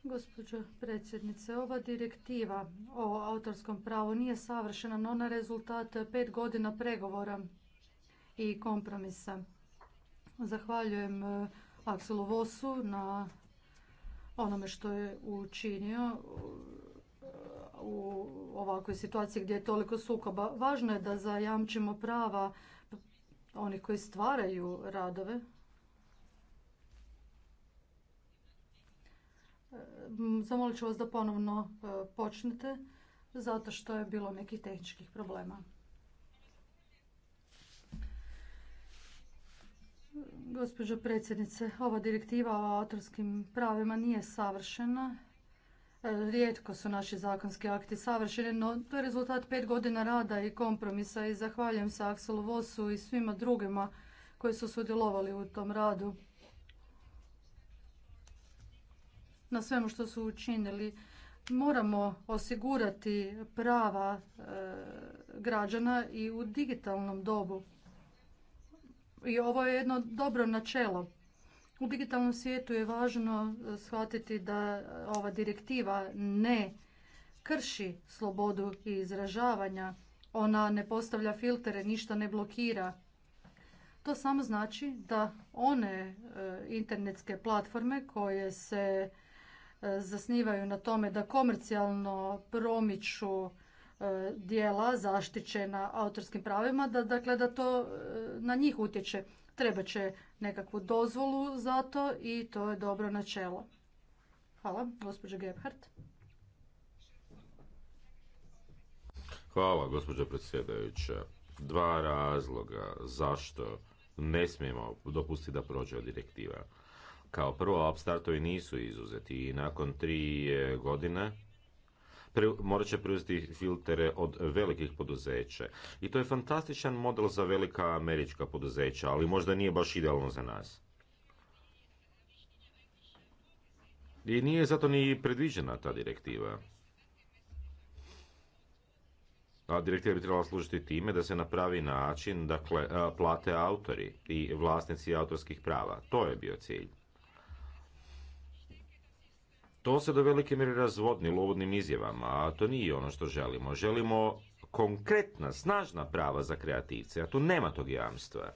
Gospođo predsjednice, ova direktiva o autorskom pravu nije savršena, no na rezultat pet godina pregovora i kompromisa. Zahvaljujem e, Akselu Vosu na onome što je učinio e, u ovakvoj situaciji gdje je toliko sukoba. Važno je da zajamčimo prava onih koji stvaraju radove, Ehm, zamolit ću vas da ponovno e, počnete, zato što je bilo nekih tehničkih problema. Gospođo predsjednice, ova direktiva o autorskim pravima nije savršena. E, rijetko su naši zakonski akti savršeni, no to je rezultat pet godina rada i kompromisa i zahvaljujem se Akselu Vosu i svima drugima koji su sudjelovali u tom radu. na svemu što su učinili. Moramo osigurati prava e, građana i u digitalnom dobu. I ovo je jedno dobro načelo. U digitalnom svijetu je važno e, shvatiti da e, ova direktiva ne krši slobodu i izražavanja. Ona ne postavlja filtere, ništa ne blokira. To samo znači da one internetske platforme koje se E, zasnivaju na tome da komercijalno promiču e, dijela zaštićena autorskim pravima, da, dakle da to e, na njih utječe. Treba će nekakvu dozvolu za to i to je dobro načelo. Hvala, gospođo Gebhardt. Hvala, predsjedajuća. Dva razloga zašto ne smijemo dopustiti da prođe direktiva. Kao prvo, upstartovi nisu izuzeti i nakon tri e, godine morat će preuzeti filtere od velikih poduzeća. I to je fantastičan model za velika američka poduzeća, ali možda nije baš idealno za nas. I nije zato ni predviđena ta direktiva. A direktiva bi trebala služiti time da se na pravi način dakle, plate autori i vlasnici autorskih prava. To je bio cilj. To se do velike mjere razvodni uvodnim izjavama, a to nije ono što želimo. Želimo konkretna, snažna prava za kreativce, a tu nema tog jamstva.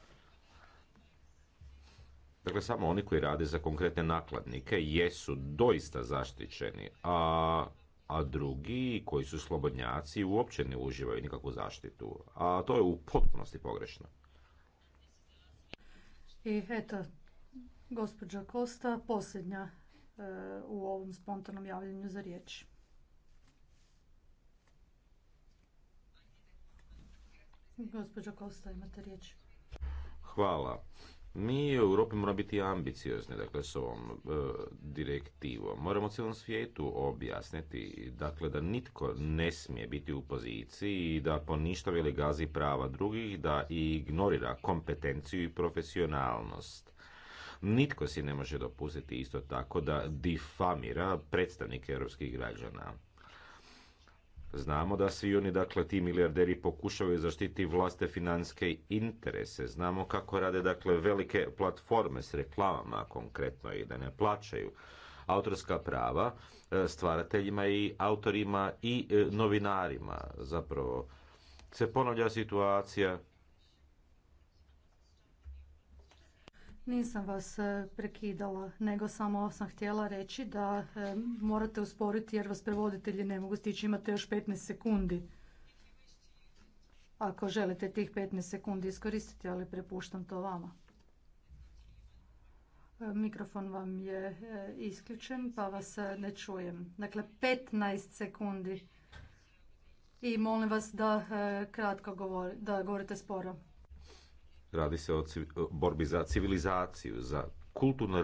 Dakle, samo oni koji rade za konkretne nakladnike jesu doista zaštićeni, a, a drugi koji su slobodnjaci uopće ne uživaju nikakvu zaštitu. A to je u potpunosti pogrešno. I eto, gospođa Kosta, posljednja E, u ovom spontanom javljanju za riječ. Gospođo Kosta, imate riječ. Hvala. Mi u Europi moramo biti ambiciozni dakle, s ovom e, direktivom. Moramo cijelom svijetu objasniti dakle, da nitko ne smije biti u poziciji i da poništava ili gazi prava drugih, da ignorira kompetenciju i profesionalnost Nitko si ne može dopustiti isto tako da difamira predstavnike europskih građana. Znamo da svi oni, dakle, ti milijarderi pokušavaju zaštiti vlaste financijske interese. Znamo kako rade, dakle, velike platforme s reklamama konkretno i da ne plaćaju autorska prava e, stvarateljima i autorima i e, novinarima. Zapravo se ponavlja situacija Nisam vas e, prekidala, nego samo sam htjela reći da e, morate usporiti jer vas prevoditelji ne mogu stići. Imate još 15 sekundi. Ako želite tih 15 sekundi iskoristiti, ali prepuštam to vama. E, mikrofon vam je isključen pa vas ne čujem. Dakle, 15 sekundi. I molim vas da kratko da govorite sporo. Radi se o borbi za civilizaciju, za kulturnu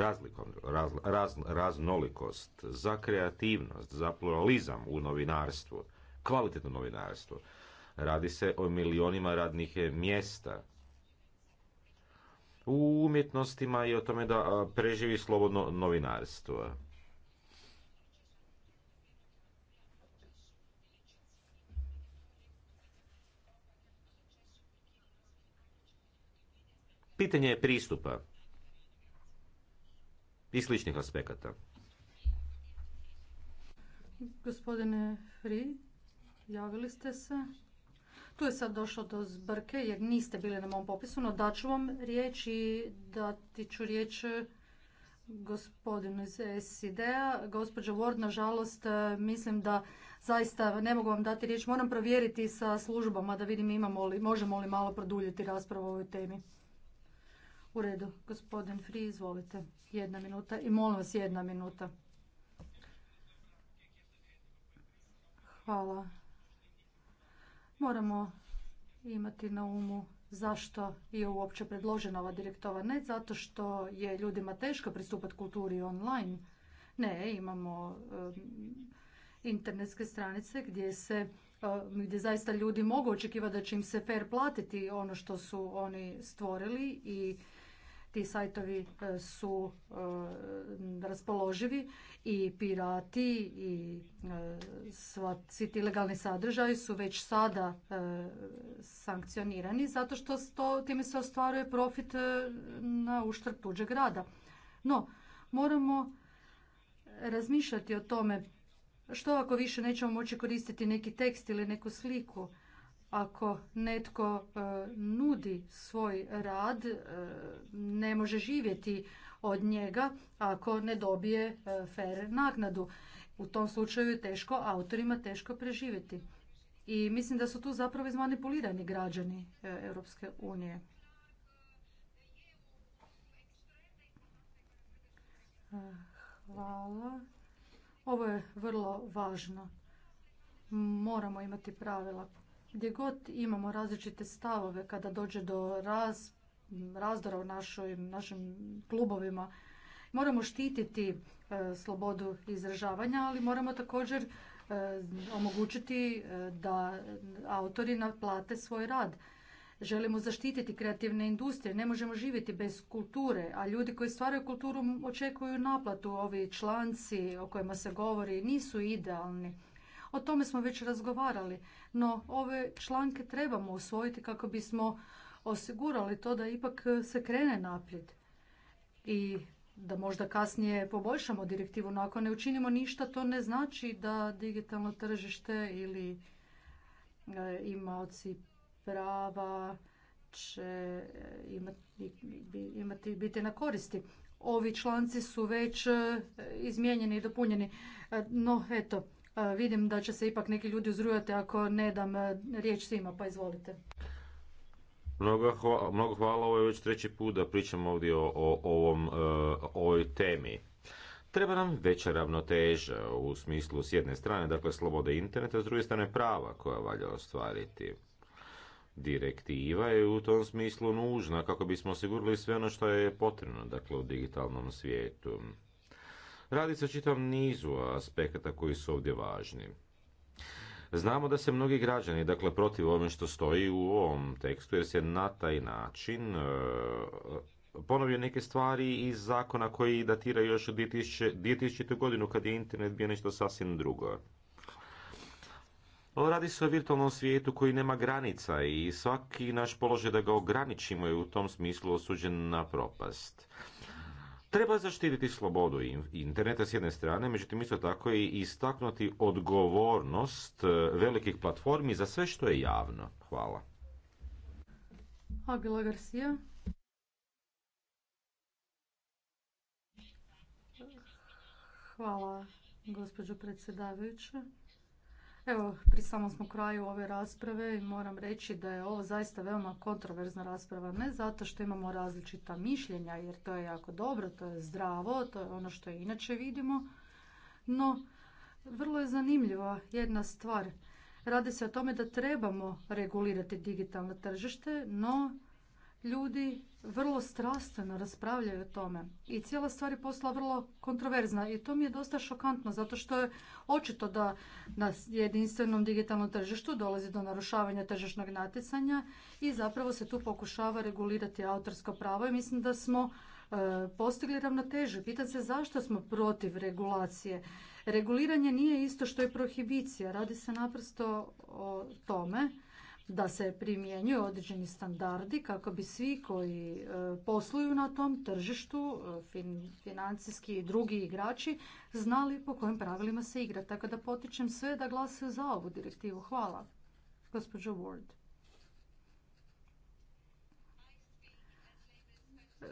raznolikost, za kreativnost, za pluralizam u novinarstvu, kvalitetno novinarstvo. Radi se o milionima radnih mjesta u umjetnostima i o tome da preživi slobodno novinarstvo. pitanje pristupa i sličnih aspekata. Gospodine Fri, javili ste se. Tu je sad došlo do zbrke jer niste bili na mom popisu, no daću vam riječ i dati ću riječ gospodinu iz SID-a. Gospođo Ward, nažalost, e, mislim da zaista ne mogu vam dati riječ. Moram provjeriti sa službama da vidim imamo li, možemo li malo produljiti raspravu o ovoj temi. U redu, gospodin Fri, izvolite. Jedna minuta i molim vas jedna minuta. Hvala. Moramo imati na umu zašto je uopće predložena ova direktova. Ne zato što je ljudima teško pristupati kulturi online. Ne, imamo internetske stranice gdje se gdje zaista ljudi mogu očekivati da će im se fair platiti ono što su oni stvorili i ti sajtovi e, su e, raspoloživi i pirati i e, svi ti legalni sadržaji su već sada sankcionirani zato što time se ostvaruje profit na uštrb tuđeg rada. No, moramo razmišljati o tome što ako više nećemo moći koristiti neki tekst ili neku sliku ako netko e, nudi svoj rad, e, ne može živjeti od njega ako ne dobije e, fer naknadu. U tom slučaju je teško autorima teško preživjeti. I mislim da su tu zapravo izmanipulirani građani Europske unije. Hvala. Ovo je vrlo važno. Moramo imati pravila gdje god imamo različite stavove kada dođe do raz, razdora u našoj, našim klubovima, moramo štititi e, slobodu izražavanja, ali moramo također e, omogućiti e, da autori naplate svoj rad. Želimo zaštititi kreativne industrije, ne možemo živjeti bez kulture, a ljudi koji stvaraju kulturu očekuju naplatu. Ovi članci o kojima se govori nisu idealni. O tome smo već razgovarali, no ove članke trebamo usvojiti kako bismo osigurali to da ipak se krene naprijed i da možda kasnije poboljšamo direktivu, no ako ne učinimo ništa to ne znači da digitalno tržište ili e, imaoci prava će imati, imati biti na koristi. Ovi članci su već e, izmijenjeni i dopunjeni. E, no, eto, Vidim da će se ipak neki ljudi uzrujati ako ne dam e, riječ svima, pa izvolite. Mnogo hvala, ovo je već treći put da pričamo ovdje o, ovom, e, ovoj temi. Treba nam veća ravnoteža u smislu s jedne strane, dakle, slobode interneta, s druge strane prava koja valja ostvariti. Direktiva je u tom smislu nužna kako bismo osigurali sve ono što je potrebno, dakle, u digitalnom svijetu. Radi se o čitavom nizu aspekata koji su ovdje važni. Znamo da se mnogi građani dakle, protiv ovome što stoji u ovom tekstu, jer se na taj način e, ponovio neke stvari iz zakona koji datira još od 2000, 2000. godinu kad je internet bio nešto sasvim drugo. Radi se o virtualnom svijetu koji nema granica i svaki naš položaj da ga ograničimo je u tom smislu osuđen na propast. Treba zaštititi slobodu interneta s jedne strane, međutim isto tako i istaknuti odgovornost e, velikih platformi za sve što je javno. Hvala. Abila Garcia. Hvala, gospođo predsjedavajuće. Evo, pri samom smo kraju ove rasprave i moram reći da je ovo zaista veoma kontroverzna rasprava. Ne zato što imamo različita mišljenja, jer to je jako dobro, to je zdravo, to je ono što inače vidimo. No, vrlo je zanimljiva jedna stvar. Radi se o tome da trebamo regulirati digitalno tržište, no ljudi vrlo strastveno raspravljaju o tome i cijela stvar je postala vrlo kontroverzna i to mi je dosta šokantno zato što je očito da na jedinstvenom digitalnom tržištu dolazi do narušavanja tržišnog natjecanja i zapravo se tu pokušava regulirati autorsko pravo i mislim da smo e, postigli ravnotežu. Pitam se zašto smo protiv regulacije. Reguliranje nije isto što je prohibicija. Radi se naprosto o tome da se primjenjuju određeni standardi kako bi svi koji e, posluju na tom tržištu, e, financijski i drugi igrači, znali po kojim pravilima se igra. Tako da potičem sve da glasaju za ovu direktivu. Hvala. Gospođo Ward. E,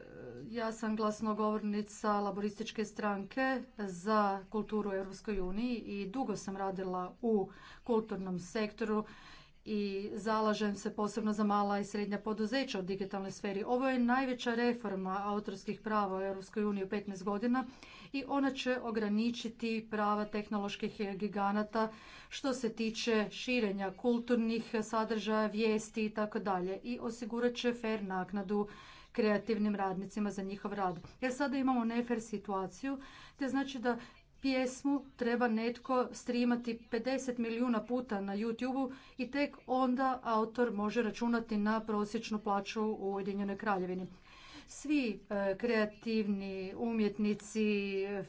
ja sam glasnogovornica laborističke stranke za kulturu u Europskoj uniji i dugo sam radila u kulturnom sektoru i zalažem se posebno za mala i srednja poduzeća u digitalnoj sferi. Ovo je najveća reforma autorskih prava u EU u 15 godina i ona će ograničiti prava tehnoloških giganata što se tiče širenja kulturnih sadržaja, vijesti i tako dalje i osigurat će fer naknadu kreativnim radnicima za njihov rad. Jer sada imamo nefer situaciju, te znači da pjesmu treba netko streamati 50 milijuna puta na YouTube-u i tek onda autor može računati na prosječnu plaću u Ujedinjenoj kraljevini. Svi e, kreativni umjetnici,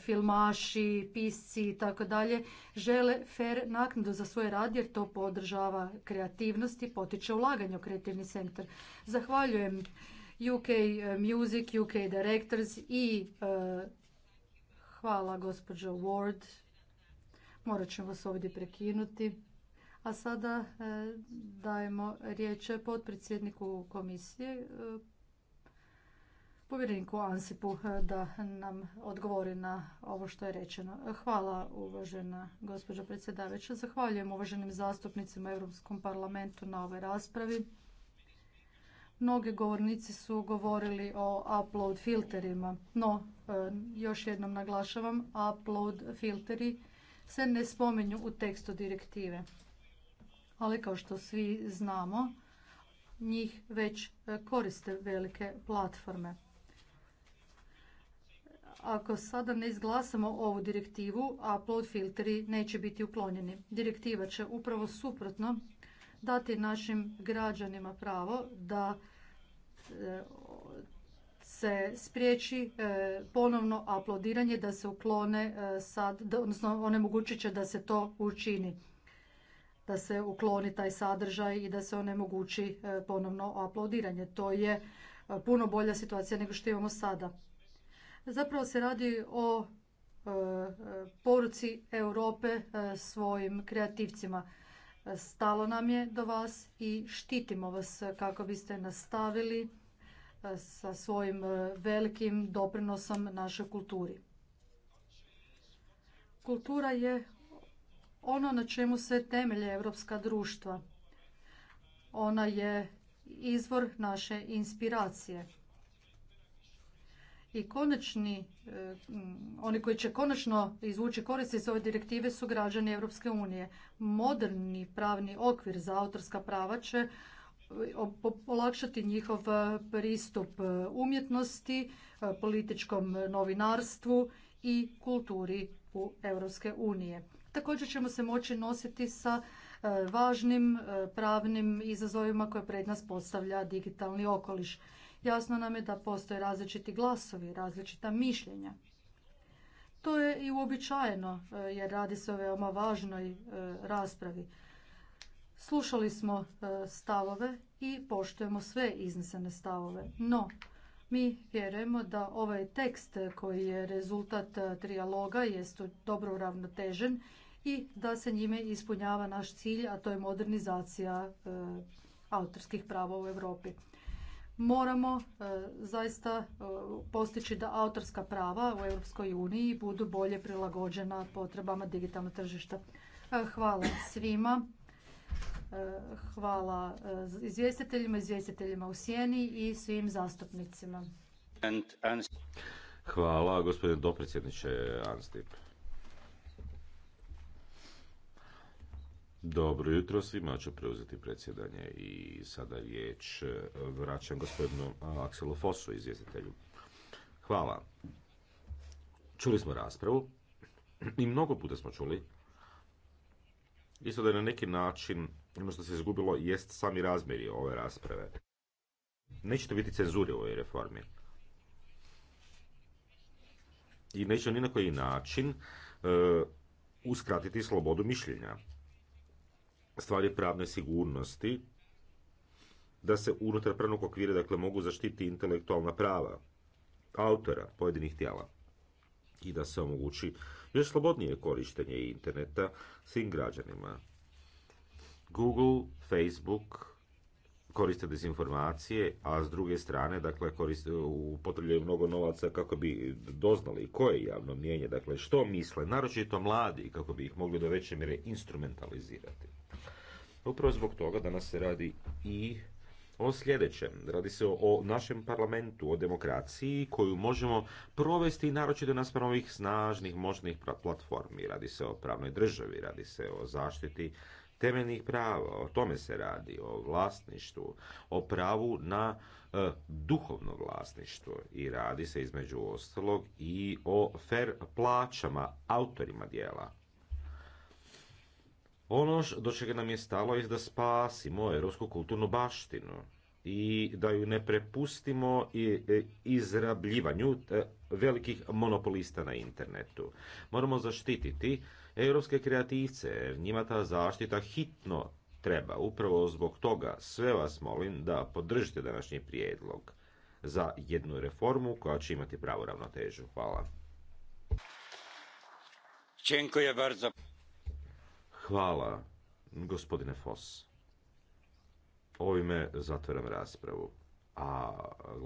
filmaši, pisci i tako dalje žele fair naknadu za svoj rad jer to podržava kreativnost i potiče ulaganje u kreativni centar. Zahvaljujem UK e, Music, UK Directors i e, Hvala gospođo Ward. Morat ćemo vas ovdje prekinuti. A sada e, dajemo riječ potpredsjedniku komisije, e, povjereniku Ansipu, e, da nam odgovori na ovo što je rečeno. Hvala uvažena gospođo predsjedavajuća. Zahvaljujem uvaženim zastupnicima Europskom parlamentu na ovoj raspravi. Mnogi govornici su govorili o upload filterima, no e, još jednom naglašavam, upload filteri se ne spominju u tekstu direktive. Ali kao što svi znamo, njih već e, koriste velike platforme. Ako sada ne izglasamo ovu direktivu, upload filteri neće biti uklonjeni. Direktiva će upravo suprotno dati našim građanima pravo da e, se spriječi e, ponovno aplodiranje, da se uklone e, odnosno onemogućit će da se to učini da se ukloni taj sadržaj i da se onemogući ponovno aplaudiranje. To je puno bolja situacija nego što imamo sada. Zapravo se radi o poruci Europe svojim kreativcima. Stalo nam je do vas i štitimo vas kako biste nastavili e, sa svojim e, velikim doprinosom našoj kulturi. Kultura je ono na čemu se temelje evropska društva. Ona je izvor naše inspiracije i konačni, e, oni koji će konačno izvući korist iz ove direktive su građani Europske unije. Moderni pravni okvir za autorska prava će e, olakšati njihov e, pristup umjetnosti, političkom novinarstvu i kulturi u Europske unije. Također ćemo se moći nositi sa važnim pravnim izazovima koje pred nas postavlja digitalni okoliš. Jasno nam je da postoje različiti glasovi, različita mišljenja. To je i uobičajeno e, jer radi se o veoma važnoj e, raspravi. Slušali smo e, stavove i poštujemo sve iznesene stavove. No, mi vjerujemo da ovaj tekst koji je rezultat trijaloga jest dobro uravnotežen i da se njime ispunjava naš cilj, a to je modernizacija autorskih prava u Europi moramo e, zaista e, postići da autorska prava u Europskoj uniji budu bolje prilagođena potrebama digitalnog tržišta. E, hvala svima. Hvala izvjestiteljima, izvjestiteljima u sjeni i svim zastupnicima. Hvala gospodine dopredsjedniče Anstip. Dobro jutro svima ću preuzeti predsjedanje i sada riječ e, vraćam gospodinu Akselu Fosu, izvjestitelju. Hvala. Čuli smo raspravu i mnogo puta smo čuli. Isto da je na neki način ono što se izgubilo jest sami razmjeri ove rasprave. Nećete biti cenzure u ovoj reformi. I neće ni na koji način e, uskratiti slobodu mišljenja stvari pravne sigurnosti, da se unutar pravnog okvira dakle, mogu zaštiti intelektualna prava autora pojedinih tijela i da se omogući još slobodnije korištenje interneta svim građanima. Google, Facebook koriste dezinformacije, a s druge strane dakle, koriste, upotrebljaju mnogo novaca kako bi doznali koje je javno mnjenje, dakle što misle, naročito mladi, kako bi ih mogli do veće mjere instrumentalizirati. Upravo zbog toga danas se radi i o sljedećem. Radi se o našem parlamentu, o demokraciji koju možemo provesti naročito naspram ovih snažnih, moćnih platformi. Radi se o pravnoj državi, radi se o zaštiti temeljnih prava, o tome se radi, o vlasništvu, o pravu na e, duhovno vlasništvo i radi se između ostalog i o fer plaćama autorima dijela. Ono do čega nam je stalo je da spasimo europsku kulturnu baštinu i da ju ne prepustimo e, izrabljivanju e, velikih monopolista na internetu. Moramo zaštititi europske kreativce, njima ta zaštita hitno treba. Upravo zbog toga sve vas molim da podržite današnji prijedlog za jednu reformu koja će imati pravu ravnotežu. Hvala. Dziękuję bardzo. Hvala, gospodine Fos. Ovime zatvaram raspravu. A